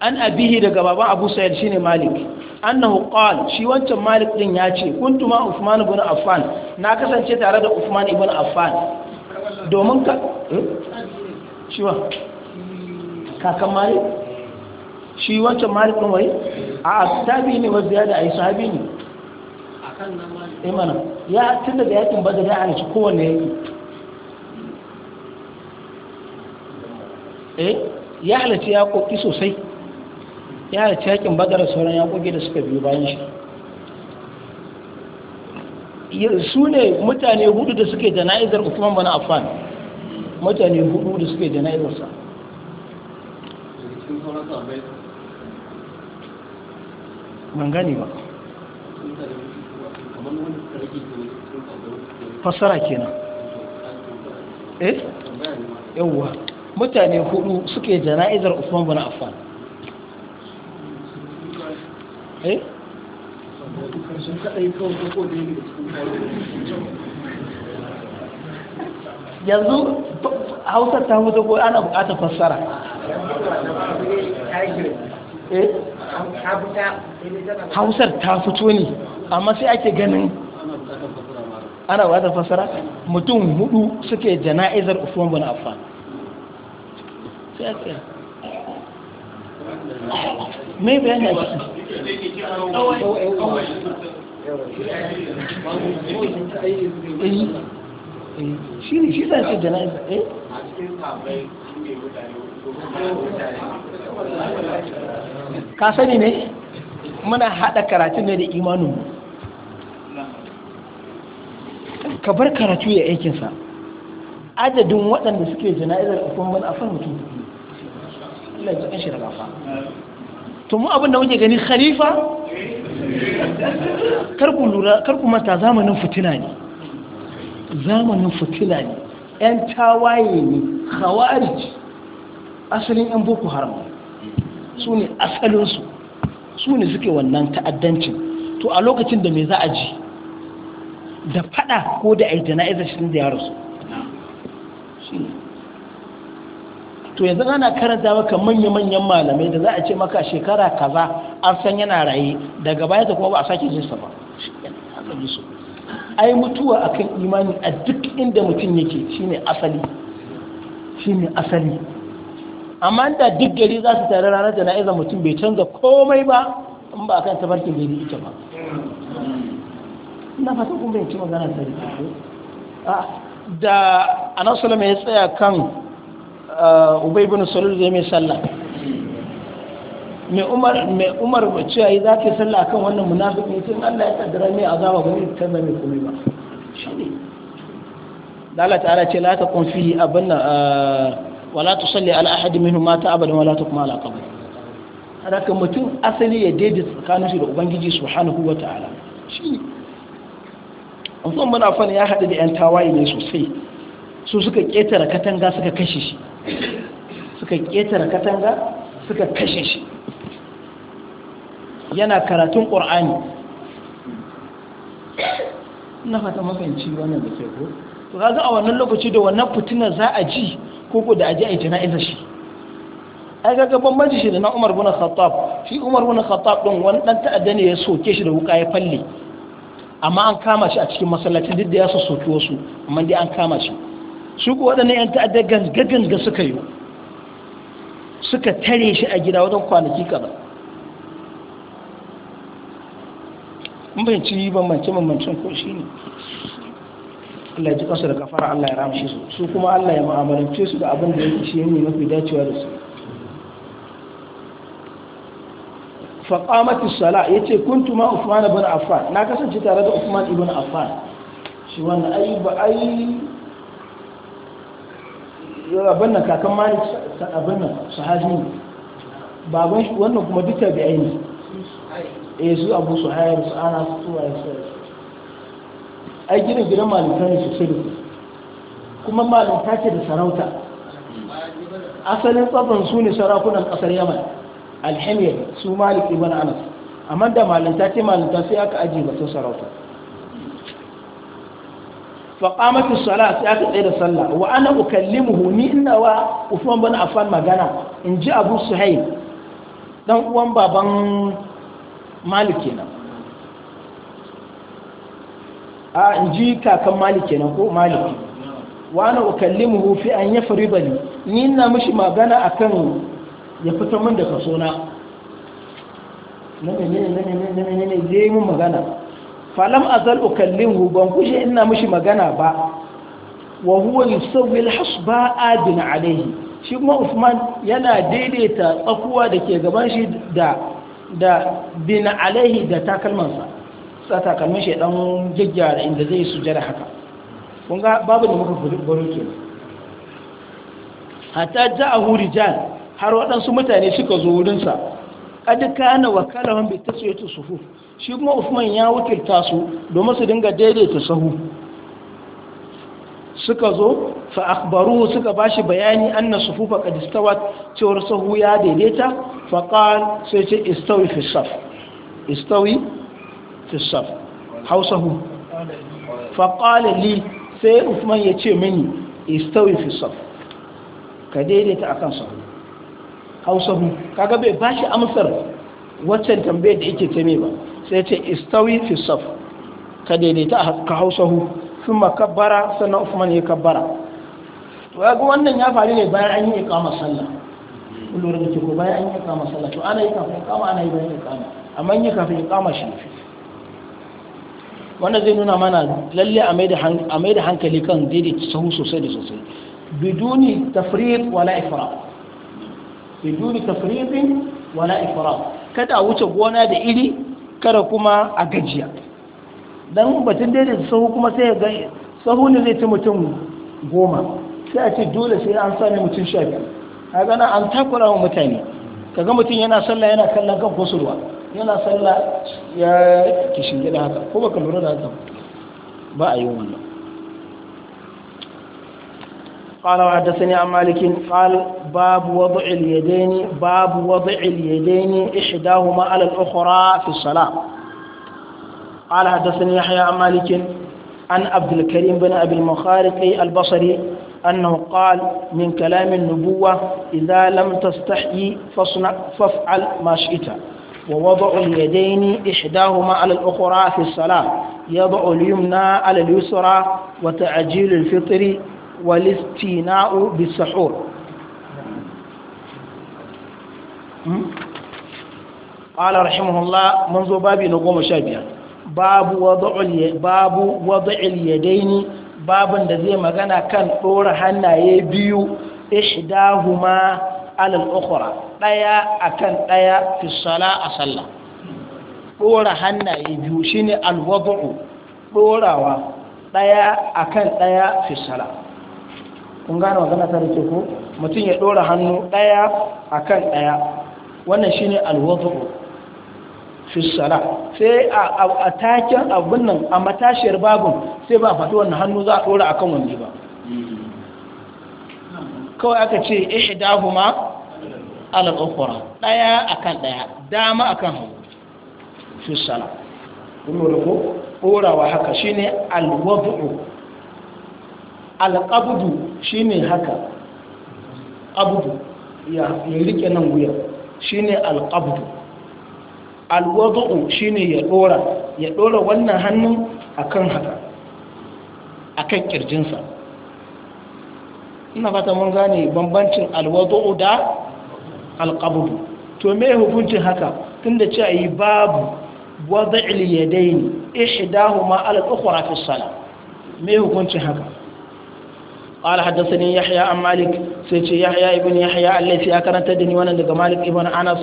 an abihi daga baban abu shi shine malik annahu hukawar shi wancan malik din ya ce kuntu ma usman ibn affan na kasance tare da usman ibn affan domin ka eh? shiwa kakan malik shi wancan malik ɗin wai a tabi ne wa ziyada ai sahabi ne akan nan malik eh mana ya tun daga yakin ne. ya hana kowanne yake eh ya halarci ya koki sosai ya halarci yakin bagara sauran ya koki da suka biyu bayan shi su ne mutane hudu da suke jana'izar Usman bin Affan mutane hudu da suke jana'izarsa. man ban gani ba fasara kenan eh yawwa mutane hudu suke jana'izar Usman bin Affan eh yanzu hausa ta mutu ko ana bukata fassara eh? hausar ta fito ne amma sai ake ganin ana bukatar fassara mutum hudu suke jana'izar usman bin affan sai a tsaya mai bayani a ciki shi ne shi sa ce jana'iza eh ka sani ne muna haɗa karatun ne da imaninmu ka bar karatu ya aikinsa adadin waɗanda suke jana'izar a kuma a mutum Allah ya to mu abin da muke gani khalifa karku mata zamanin fitina ne zamanin fitina ne yan tawaye ne khawarij asalin yan boko haram su ne asalinsu su ne suke wannan ta'addancin to a lokacin da me za a ji da fada ko da a yi jana'izar shi da ya rasu shi ne to yanzu ana karanta maka manya-manyan malamai da za a ce maka shekara kaza an san yana raye daga baya da kuma ba a sake jin sa ba ai mutuwa akan imani a duk inda mutum yake shine asali shine asali amma da duk gari za su tare ranar jana'iza mutum bai canza komai ba in ba akan tabarkin gari ita ba ina fata kun bai ci magana ta da da anasulama ya tsaya kan Uh, ubay bin salul zai mai sallah mai umar mai umar bace ai za ka sallah akan wannan munafiki tun Allah ya kaddara mai azaba ba ta zama mai komai ba shine ala ta'ala ce la ta kun fi abin na uh, wala salli ala ahadi minhum mata abadan wala kuma ala qabr kan mutum asali ya daidai tsakanin shi da ubangiji subhanahu wata'ala shine Usman muna fani ya haɗu da 'yan tawaye ne sosai su suka ƙetare katanga suka kashe shi suka ƙetare katanga suka kashe shi yana karatun ƙor'ani na fata mafanci wannan da ke ko to ga a wannan lokaci da wannan fitina za a ji koko da aji a yi jana'izar shi ai ga maji shi da na umar bin khattab shi umar bin khattab din wani dan ta'adda ne ya soke shi da wuka ya falle amma an kama shi a cikin masallacin duk da ya soke wasu amma dai an kama shi su ku waɗannan 'yan ta'adda ga suka yi suka tare shi a gida wajen kwanaki kaza mabanci bambance bambancin ko shi ne Allah ya ji kansu da kafara Allah ya ramshe su su kuma Allah ya ma'amalance su da abin da ya ce ne mafi dacewa da su faƙamati sala ya ce kuntu ma Uthman ibn Affan na kasance tare da Uthman ibn Affan shi wannan ayi ba ai abin nan kakan malik abin nan sahabi ne baban shi wannan kuma duk da ne eh su abu su hayar su ana su tuwa ya sai ai gina gidan malika ne sosai da kuma malika ce da sarauta asalin tsabon su ne sarakunan kasar yaman alhamiyar su malik ibn anas amma da malinta ce malinta sai aka ajiye batun sarauta mafi sala sai aka tsaye da sallah wa ana ukallimu hu ni ina wa usman bin affan magana in ji abu suhaib dan uwan baban malik kenan a in ji kakan malik kenan ko malik wa ana ukallimu hu fi an yafri bani ni ina mishi magana akan ya fito min da kaso na ne ne ne ne ne ne ne falam azal hu, ban kushe ina mishi magana ba wa huwa yusawwi al-hasba adin alayhi shi kuma Usman yana daidaita tsakuwa da ke gaban shi da da bin Alayhi da takalman sa takalmin shi dan jiggyara inda zai sujjada haka kun ga babu da muka gori ke hatta ja'a har waɗansu mutane suka zo wurinsa qad kana wakalahum bi tasyiyati suhuf shi kuma Uthman ya wakilta su domin su dinga daidaita sahu suka zo fa akhbaruhu suka bashi bayani anna sufufa qad istawat cewar sahu ya daidaita fa qal sai ce istawi fi saf istawi fi saf hausahu fa qala li sai Uthman ya ce mini istawi fi saf ka daidaita akan sahu hausahu kaga bai bashi amsar waccan tambayar da yake ta ba sai ce istawi fi saf ka daidaita ka hausahu sun makabbara sannan usman ya kabbara to ya ga wannan ya faru ne bayan an yi ikama sallah kullum da ke ko bayan an yi ikama sallah to ana yi kafin ikama ana yi bayan ikama amma yi kafin ikama shi ne wannan zai nuna mana lalle a mai da hankali kan daidaita sahu sosai da sosai biduni tafriq wala ifrat biduni tafriqin wala ifrat kada a wuce gona da iri kada kuma a gajiya dan batun daidaita sahu kuma sai ga sahu ne zai ci mutum goma sai a ce dole sai an sani mutum sha biyu a gana an takura wa mutane kaga mutum yana sallah yana kallon kan kusurwa yana sallah ya kishin gida haka ko baka lura da haka ba a yi wannan قال وحدثني عن مالك قال باب وضع اليدين باب وضع اليدين إحداهما على الأخرى في الصلاة قال حدثني يحيى عن مالك عن عبد الكريم بن أبي المخارق البصري أنه قال من كلام النبوة إذا لم تستحي فاصنع فافعل ما شئت ووضع اليدين إحداهما على الأخرى في الصلاة يضع اليمنى على اليسرى وتعجيل الفطر والاستيناء بالسحور قال رحمه الله منذ باب نقوم شابيا باب وضع باب وضع اليدين باب الذي مغنى كان طور هنا يبيو إحداهما على الأخرى ɗaya a kan في fi sala طور sallah يبيو hannaye biyu shi ne alwabu ɗorawa ɗaya a kan ɗaya kun gane magana ta da mutum ya ɗora hannu ɗaya a kan ɗaya wannan shi ne fi fissala sai a taken abin nan a matashiyar babin sai ba faɗi wannan hannu za a ɗora a kan wani ba kawai aka ce ihdahuma ala ma. Alakokwara. daya akan daya dama akan hagu fissala kun lura ɗorawa haka shi ne alwazo alƙabudu shi ne haka abudu ya rike nan wuya shi ne alƙabudu alwadu'u shi ne ya ɗora ya ɗora wannan hannun akan haka akan ƙirjinsa ina fata mun gane bambancin alwadu'u da alƙabudu to me hukuncin haka tun da ce ayi yi babu wadda iliyadai ne ishi dahu ma alƙakwara fi sala me hukuncin haka قال حدثني يحيى عن مالك سيتي يحيى ابن يحيى الذي أكرت دني وانا دقى مالك ابن أنس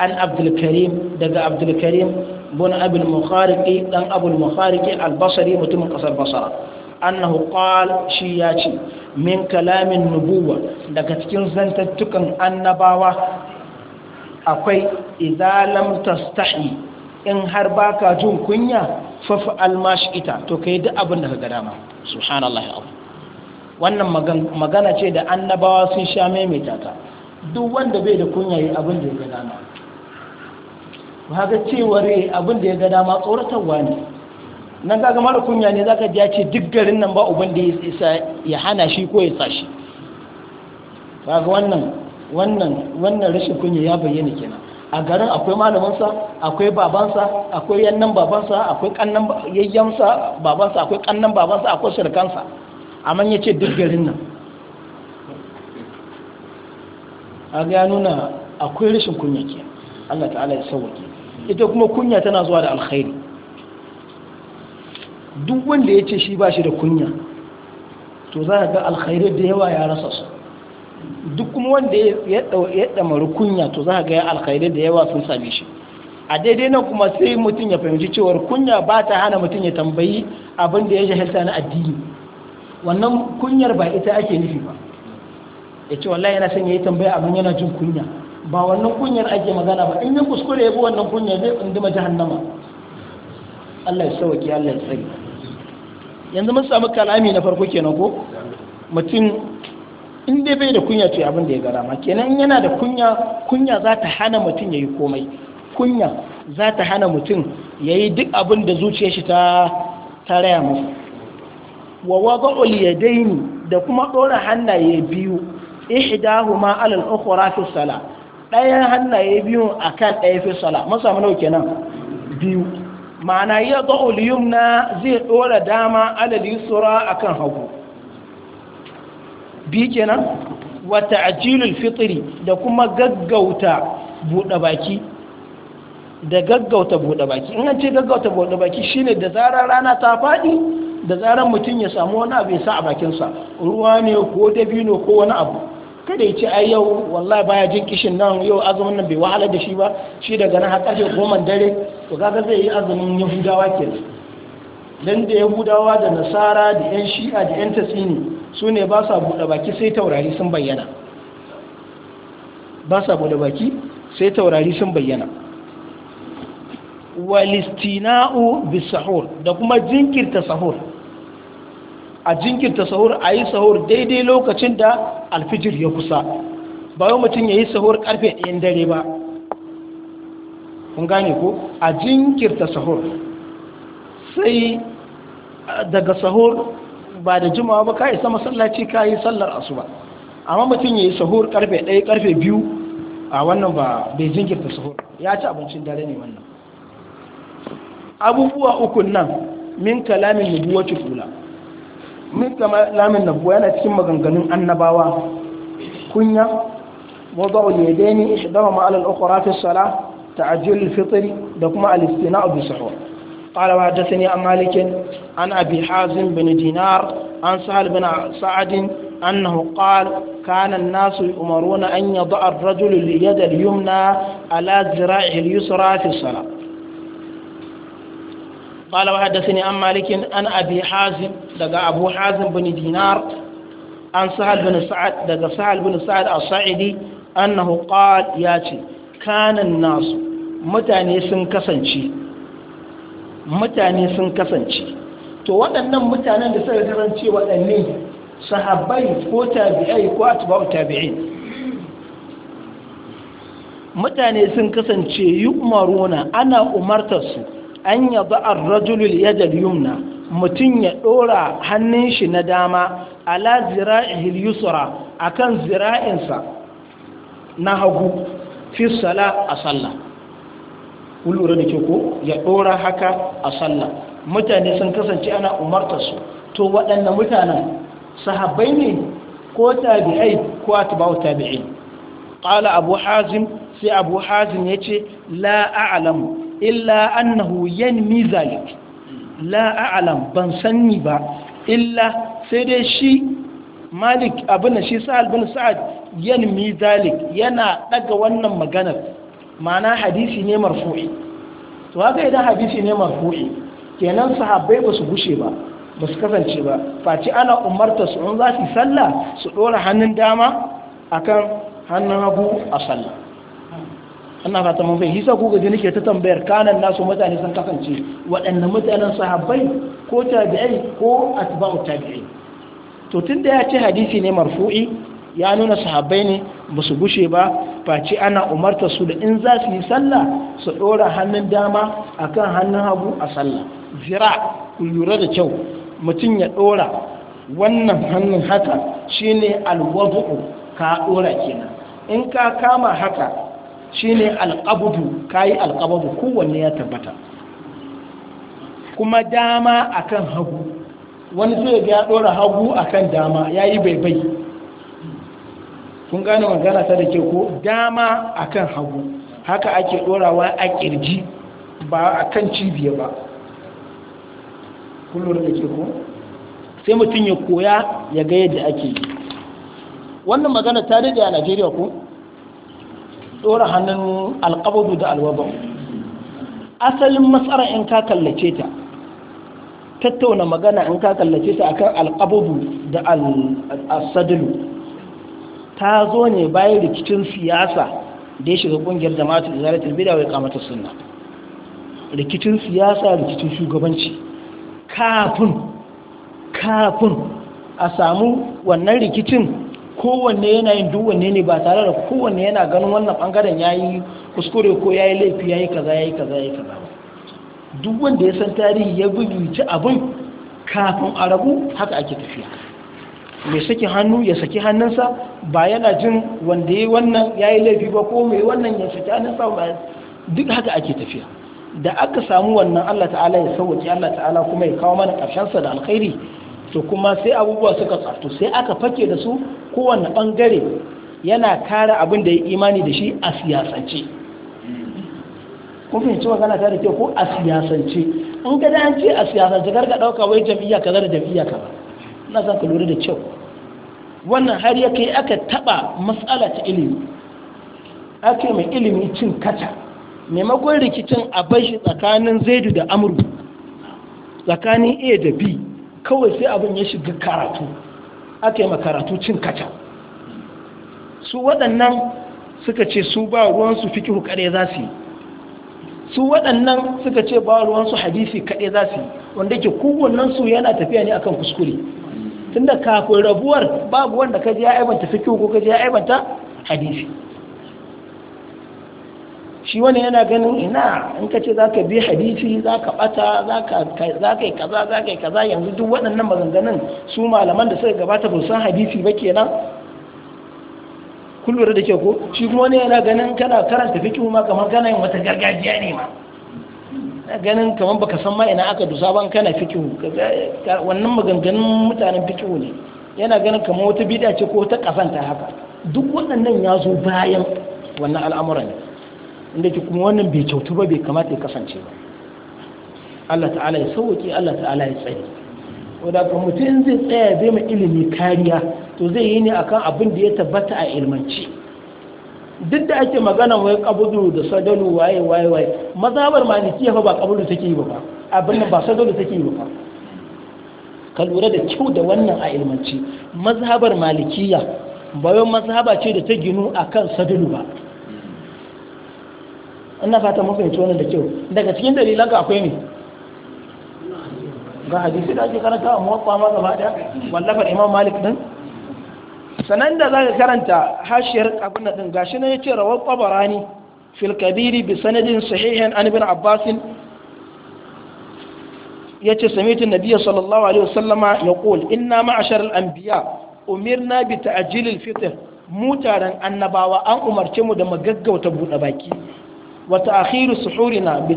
عن عبد الكريم دقى عبد الكريم بن أبي المخارق دن أبو المخارق البصري متم قصر بصرة أنه قال شياتي من كلام النبوة دقى تكين زنتتكن النباوة akwai idalam tastahi in har baka jin kunya fafa almashi ita to kai duk abin da ka ga dama subhanallahi alazim wannan magana ce da annabawa sun sha maimaita ta duk wanda bai da kunya yi abin da ya ga dama ba ga cewar abin da ya ga dama tsoratarwa ne nan ga mara kunya ne zaka ji ya ce duk garin nan ba uban da ya hana shi ko ya sa shi ba ga wannan wannan wannan rashin kunya ya bayyana kenan a garin akwai malaminsa akwai babansa akwai yannan babansa akwai kannan yayyansa babansa akwai kannan babansa akwai shirkansa amma ya ce duk garin nan a ga nuna akwai rashin kunya ke Allah ta'ala ya sauwake ita kuma kunya tana zuwa da alkhairi duk wanda ya ce shi ba shi da kunya to za ga alkhairi da yawa ya rasa su duk kuma wanda ya ɗamaru kunya to za ga alkhairi da yawa sun same shi a daidai nan kuma sai mutum ya fahimci cewar kunya ba ta hana mutum ya tambayi abin da ya shahalta na addini wannan kunyar ba ita ake nufi ba ya ce wallahi yana son ya yi tambaya abin yana jin kunya ba wannan kunyar ake magana ba in yi kuskure ya bi wannan kunyar zai tsunduma jahannama Allah ya sauki Allah ya tsari yanzu mun samu kalami na farko kenan ko mutum in dai bai da kunya to abin da ya gara ma kenan in yana da kunya kunya za ta hana mutum ya yi komai kunya za ta hana mutum ya yi duk abin da zuciyar shi ta ta raya masa wa wada'ul yadaini da kuma ɗora hannaye biyu ihdahuma ala al-ukhra fi salat ɗayan hannaye biyu akan ɗaya fi salat masa mana kenan biyu ma'ana ya da'u yumna zai ɗora dama ala al-yusra akan hagu bi kenan wa ta'jilul fitri da kuma gaggauta buɗe baki da gaggauta buɗe baki in an ce gaggauta buɗe baki shine da zarar rana ta faɗi da zarar mutum ya samu wani abu ya sa a bakinsa ruwa ne ko dabino ko wani abu kada ya ce ai yau wallahi baya jin kishin nan yau azumin nan bai wahala da shi ba shi daga nan har ƙarshe goma dare to kaga zai yi azumin yahudawa kenan dan da yahudawa da nasara da yan shi'a da yan tasini su ne ba sa buɗe baki sai taurari sun bayyana ba sa buɗe baki sai taurari sun bayyana walistina'u bisahur da kuma jinkirta sahur a jinkirta sahur a yi sahur daidai lokacin da alfijir ya kusa ba yi mutum ya yi sahur karfe ɗayan dare ba kun gane ko a jinkirta sahur sai daga sahur ba da jimawa ba ka isa masallaci ka yi sallar asuba amma mutum ya yi sahur karfe ɗaya karfe biyu a wannan ba bai jinkirta sahur ya ci abincin dare ne wannan abubuwa ukun nan min kalamin nubuwa kula مثل mika lamin nabuwa yana cikin maganganun النبوة كنيا وضع اليدين إحداهما على الأخرى في الصلاة تعجل الفطر دكما الاستناء بالسحور قال وحدثني عن مالك عن أبي حازم بن دينار عن سهل بن سعد أنه قال كان الناس يؤمرون أن يضع الرجل اليد اليمنى على ذراعه اليسرى في الصلاة قال وحدثني عن مالك عن أبي حازم دقى أبو حازم بن دينار عن سهل بن سعد دقى سهل بن سعد الصعيدي أنه قال ياتي كان الناس mutane sun kasance mutane sun kasance to waɗannan mutanen da suka kasance waɗanne sahabbai ko tabi'ai ko atba'u tabi'in mutane sun kasance yu'maruna ana umartar su an ya ba'ar rajulul yadal yumna mutum ya ɗora hannun shi na dama ala zira'ihil yusra akan zira'insa na hagu fi sala a sallah kun da ke ko ya ɗora haka a sallah mutane sun kasance ana umartar su to waɗannan mutanen sahabbai ne ko tabi'ai ko atba'u tabi'in qala abu hazin sai abu ya ce la a'lamu illa annahu yanmi zalik la a'lam ban sanni ba illa sai dai shi malik abin shi sa'al bin sa'ad yanmi zalik yana daga wannan maganar ma'ana hadisi ne marfu'i to haka idan hadisi ne marfu'i kenan sahabbai ba su gushe ba ba su kasance ba faci ana umarta su in za su sallah su dora hannun dama akan hannun hagu a sallah ina fata mun fahimci sa ku gaji nake ta tambayar kanan nasu mutane sun kasance waɗanne mutanen sahabbai ko tabi'ai ko atba'u tabi'ai to tunda ya ce hadisi ne marfu'i ya nuna sahabbai ne ba su gushe ba face ana umarta su da in za su yi sallah su ɗora hannun dama akan hannun hagu a sallah zira ku lura da kyau mutum ya ɗora wannan hannun haka shine alwadu'u ka ɗora kenan in ka kama haka Shi shine ka yi alƙabudu kowanne ya tabbata kuma dama akan hagu wani zai ga ya ɗora hagu akan dama ya yayi baibai kun gane magana ta da ke ko dama akan hagu haka ake ɗorawa a ƙirji ba a kan cibiya ba kullum da ke ko sai mutum ya koya ya ga yadda ake yi wannan magana ta daɗe a najeriya ko tsora hannun alƙabadu da alwabau asalin matsara in ka kallace ta tattauna magana in ka kallace ta akan alƙabadu da asadilu ta zo ne bayan rikicin siyasa da ya shiga ƙungiyar jama'atu da zarar tilbida wai kamata sunna rikicin siyasa rikicin shugabanci kafin kafin a samu wannan rikicin kowanne yana yin duk wanne ne ba tare da kowanne yana ganin wannan bangaren yi kuskure ko ya yi laifi ya yi kaza ya yi kaza ya yi kaza duk wanda ya san tarihi ya bugi abin kafin a rabu haka ake tafiya mai saki hannu ya saki hannunsa ba yana jin wanda ya wannan ya yi laifi ba ko mai wannan ya saki hannunsa ba duk haka ake tafiya da aka samu wannan Allah ta'ala ya sauwaki Allah ta'ala kuma ya kawo mana ƙarshensa da alkhairi to kuma sai abubuwa suka tsato sai aka fake da su kowane bangare yana kare abin da ya imani da shi a siyasance kun fahimci kana ta da ke ko a siyasance in ga da an ce a siyasance kar ka dauka wai jam'iyya kaza da jam'iyya kaza ina son ka lura da kyau wannan har ya kai aka taba matsala ta ilimi ake mai ilimi cin Mai maimakon rikicin a bashi tsakanin zaidu da amuru tsakanin a da b kawai sai abin ya shiga karatu aka yi makaratu cin kaca su waɗannan suka ce su ba ruwansu fikihu kaɗai za su yi su waɗannan suka ce ba ruwansu hadisi kaɗai za su yi wanda ke su yana tafiya ne akan kuskure tunda kafin rabuwar babu wanda ka ji ya aibanta fikihu ko ka ji ya aibanta hadisi shi wani yana ganin ina in ka ce za ka bi hadisi za ka bata za ka yi kaza za ka yi kaza yanzu duk waɗannan maganganun su malaman da suka gabata ba san hadisi ba kenan kun da ke ko shi kuma wani yana ganin kana karanta fikihu ma kamar kana yin wata gargajiya ne ma ganin kamar baka san ma ina aka dusa ban kana fikihu wannan maganganun mutanen fikihu ne yana ganin kamar wata bid'a ce ko ta kasanta haka duk waɗannan ya zo bayan wannan al'amuran inda ke kuma wannan bai kyautu ba bai kamata ya kasance ba Allah ta'ala ya sauke Allah ta'ala ya tsaye wadda ka mutum zai tsaya zai ma ilimi kariya to zai yi ne akan abin da ya tabbata a ilmanci duk da ake magana wai kabudu da sadalu waye waye waye mazhabar malikiya fa ba kabudu take yi ba fa abin nan ba sadalu take yi ba fa ka lura da kyau da wannan a ilmanci mazhabar malikiya Bayan mazhaba ce da ta ginu akan sadalu ba ina fata mun fahimci wannan da kyau daga cikin dalilan ka akwai ne ga hadisi da ake karanta a muwaffa ma gaba daya wallafar imam malik din sanan da ka karanta hashiyar abin din gashi ne yace rawal tabarani fil kabiri bi sanadin sahihin an ya ce yace samitu nabiyyi sallallahu alaihi wasallama yaqul inna ma'ashar al-anbiya umirna bi ta'jil al-fitr mu taron annabawa an umarce mu da mu gaggauta buɗe baki wa ta'khiru suhurina bi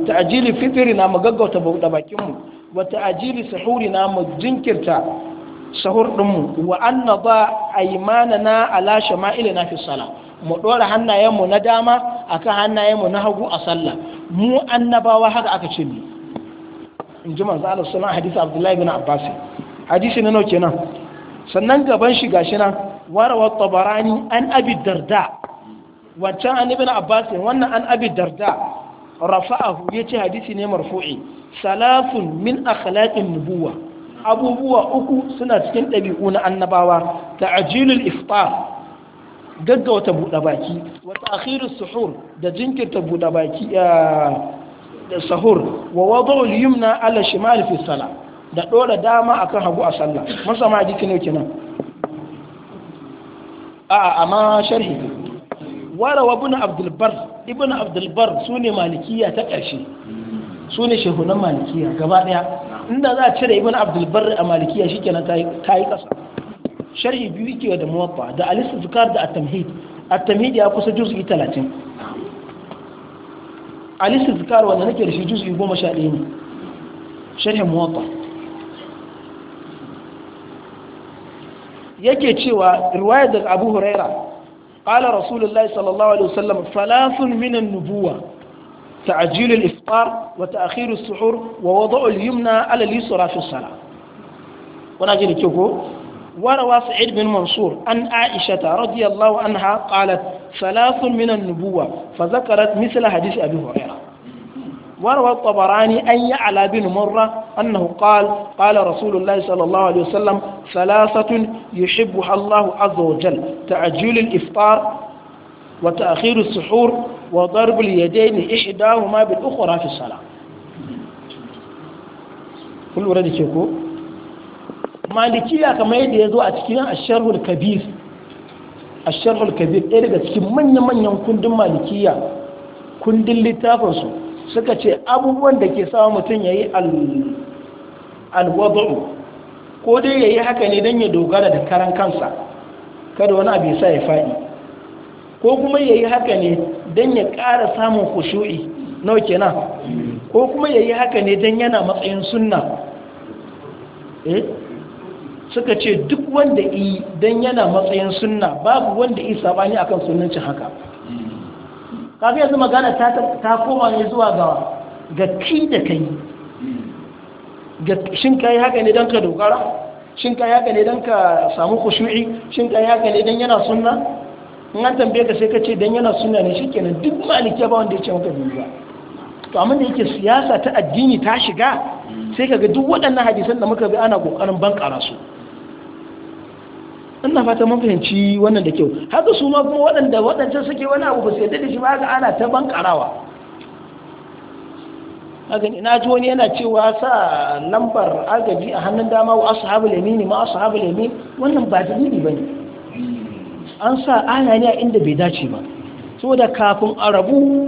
fitiri na, mu gaggauta buɗe bakin mu ajili ta'jili suhurina mu jinkirta sahur din wa annaba ba aymanana ala shama'ilina fi sala. mu dora hannayen mu na dama akan hannayen mu na hagu a sallah mu annabawa haka aka ce mu in ji manzo Allah sunan hadisi Abdullahi bin Abbas hadisi na nauke nan sannan gaban shi gashi nan warawa tabarani an abi darda wancan an ibn abbas wannan an abi darda rafa'ahu ce hadisi ne marfu'i salafun min akhlaqin nubuwa abubuwa uku suna cikin ɗabi'u na annabawa ta'jilul iftar gaggauta buɗe baki wa ta'khirus suhur da jinkirta buɗe baki eh, da sahur wa wada'ul yumna ala shimal fi salah da dora dama akan hagu a sallah masa ma hadisi ne kenan a amma sharhi warawa ibn abdulbar ibn abdulbar su ne malikiya ta ƙarshe su ne shehunan malikiya gaba ɗaya inda za a cire ibn abdulbar a malikiya shi kenan ta yi ƙasa sharhi biyu ke da muwaffa da alisu zukar da atamhid atamhid ya kusa juz'i talatin alisu zukar wanda nake da shi juz'i goma sha ɗaya ne sharhin muwaffa yake cewa ruwayar daga abu huraira قال رسول الله صلى الله عليه وسلم ثلاث من النبوة تعجيل الإفطار وتأخير السحور ووضع اليمنى على اليسرى في الصلاة ونجد تقول وروى سعيد بن منصور أن عائشة رضي الله عنها قالت ثلاث من النبوة فذكرت مثل حديث أبي هريرة وروى الطبراني أن يعلى بن مرة أنه قال قال رسول الله صلى الله عليه وسلم ثلاثة يحبها الله عز وجل تعجيل الإفطار وتأخير السحور وضرب اليدين إحداهما بالأخرى في الصلاة كل ورد ما مالكية كما يدي يدو أتكينا الشر الكبير الشرح الكبير إلى إيه لغا تكي من يمن يمكن دم مالكية كندin littafinsu suka ce abubuwan da ke sawa mutum ya yi alwadu'u ko dai ya yi haka ne don ya dogara da karan kansa kada wani abu sa ya faɗi ko kuma ya yi haka ne don ya ƙara samun kushu'i nau kenan ko kuma ya yi haka ne don yana matsayin sunna eh? suka ce duk wanda yi don yana matsayin sunna babu wanda yi sabani akan sunnancin haka kafin yanzu magana ta koma ne zuwa gawa ga ki da kai shin ka yi haka ne don ka dogara shin ka yi haka ne don ka samu kushu'i shin ka yi haka ne don yana sunna in an tambaye ka sai ka ce don yana sunna ne kenan duk maliki ba wanda ya ce maka duniya to amma da yake siyasa ta addini ta shiga sai ka ga duk waɗannan hadisan da muka bi ana ƙoƙarin bankara su ina fata mun fahimci wannan da kyau haka su ma kuma waɗanda waɗancan suke wani abu ba su yadda da shi ba ga ana ta bankarawa haka na ji wani yana cewa sa lambar agaji a hannun dama wa ashabul yamini ma ashabul yamin wannan ba ba bane an sa aya ne a inda bai dace ba saboda kafin arabu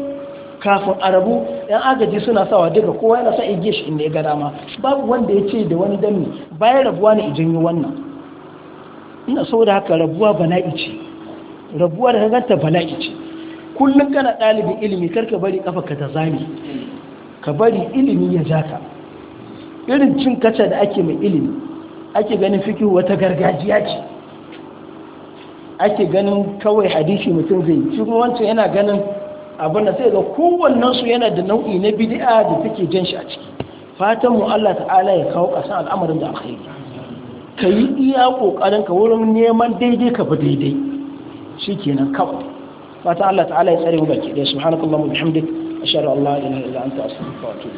kafin arabu yan agaji suna sawa daga kowa yana sa igiyar shi inda ya ga dama babu wanda ya ce da wani dami bayan rabuwa ne ijin yi wannan ina da haka rabuwa bala'i ce rabuwa da ganta bala'i ce kullum kana ɗalibin ilimi karka bari kafa ka ta zami ka bari ilimi ya ja irin cin kaca da ake mai ilimi ake ganin fikihu wata gargajiya ce ake ganin kawai hadisi mutum zai shi kuma wancan yana ganin abin da sai ga kowannen su yana da nau'i na bid'a da take jan shi a ciki fatan mu Allah ta'ala ya kawo kasan al'amarin da alkhairi ka yi iya ƙoƙarin ka wurin neman daidai ka fi daidai shi kenan kawai fata Allah ta'ala ya tsare mu baki ɗaya subhanakallahu bihamdik ashhadu a la ilaha illa anta astaghfiruka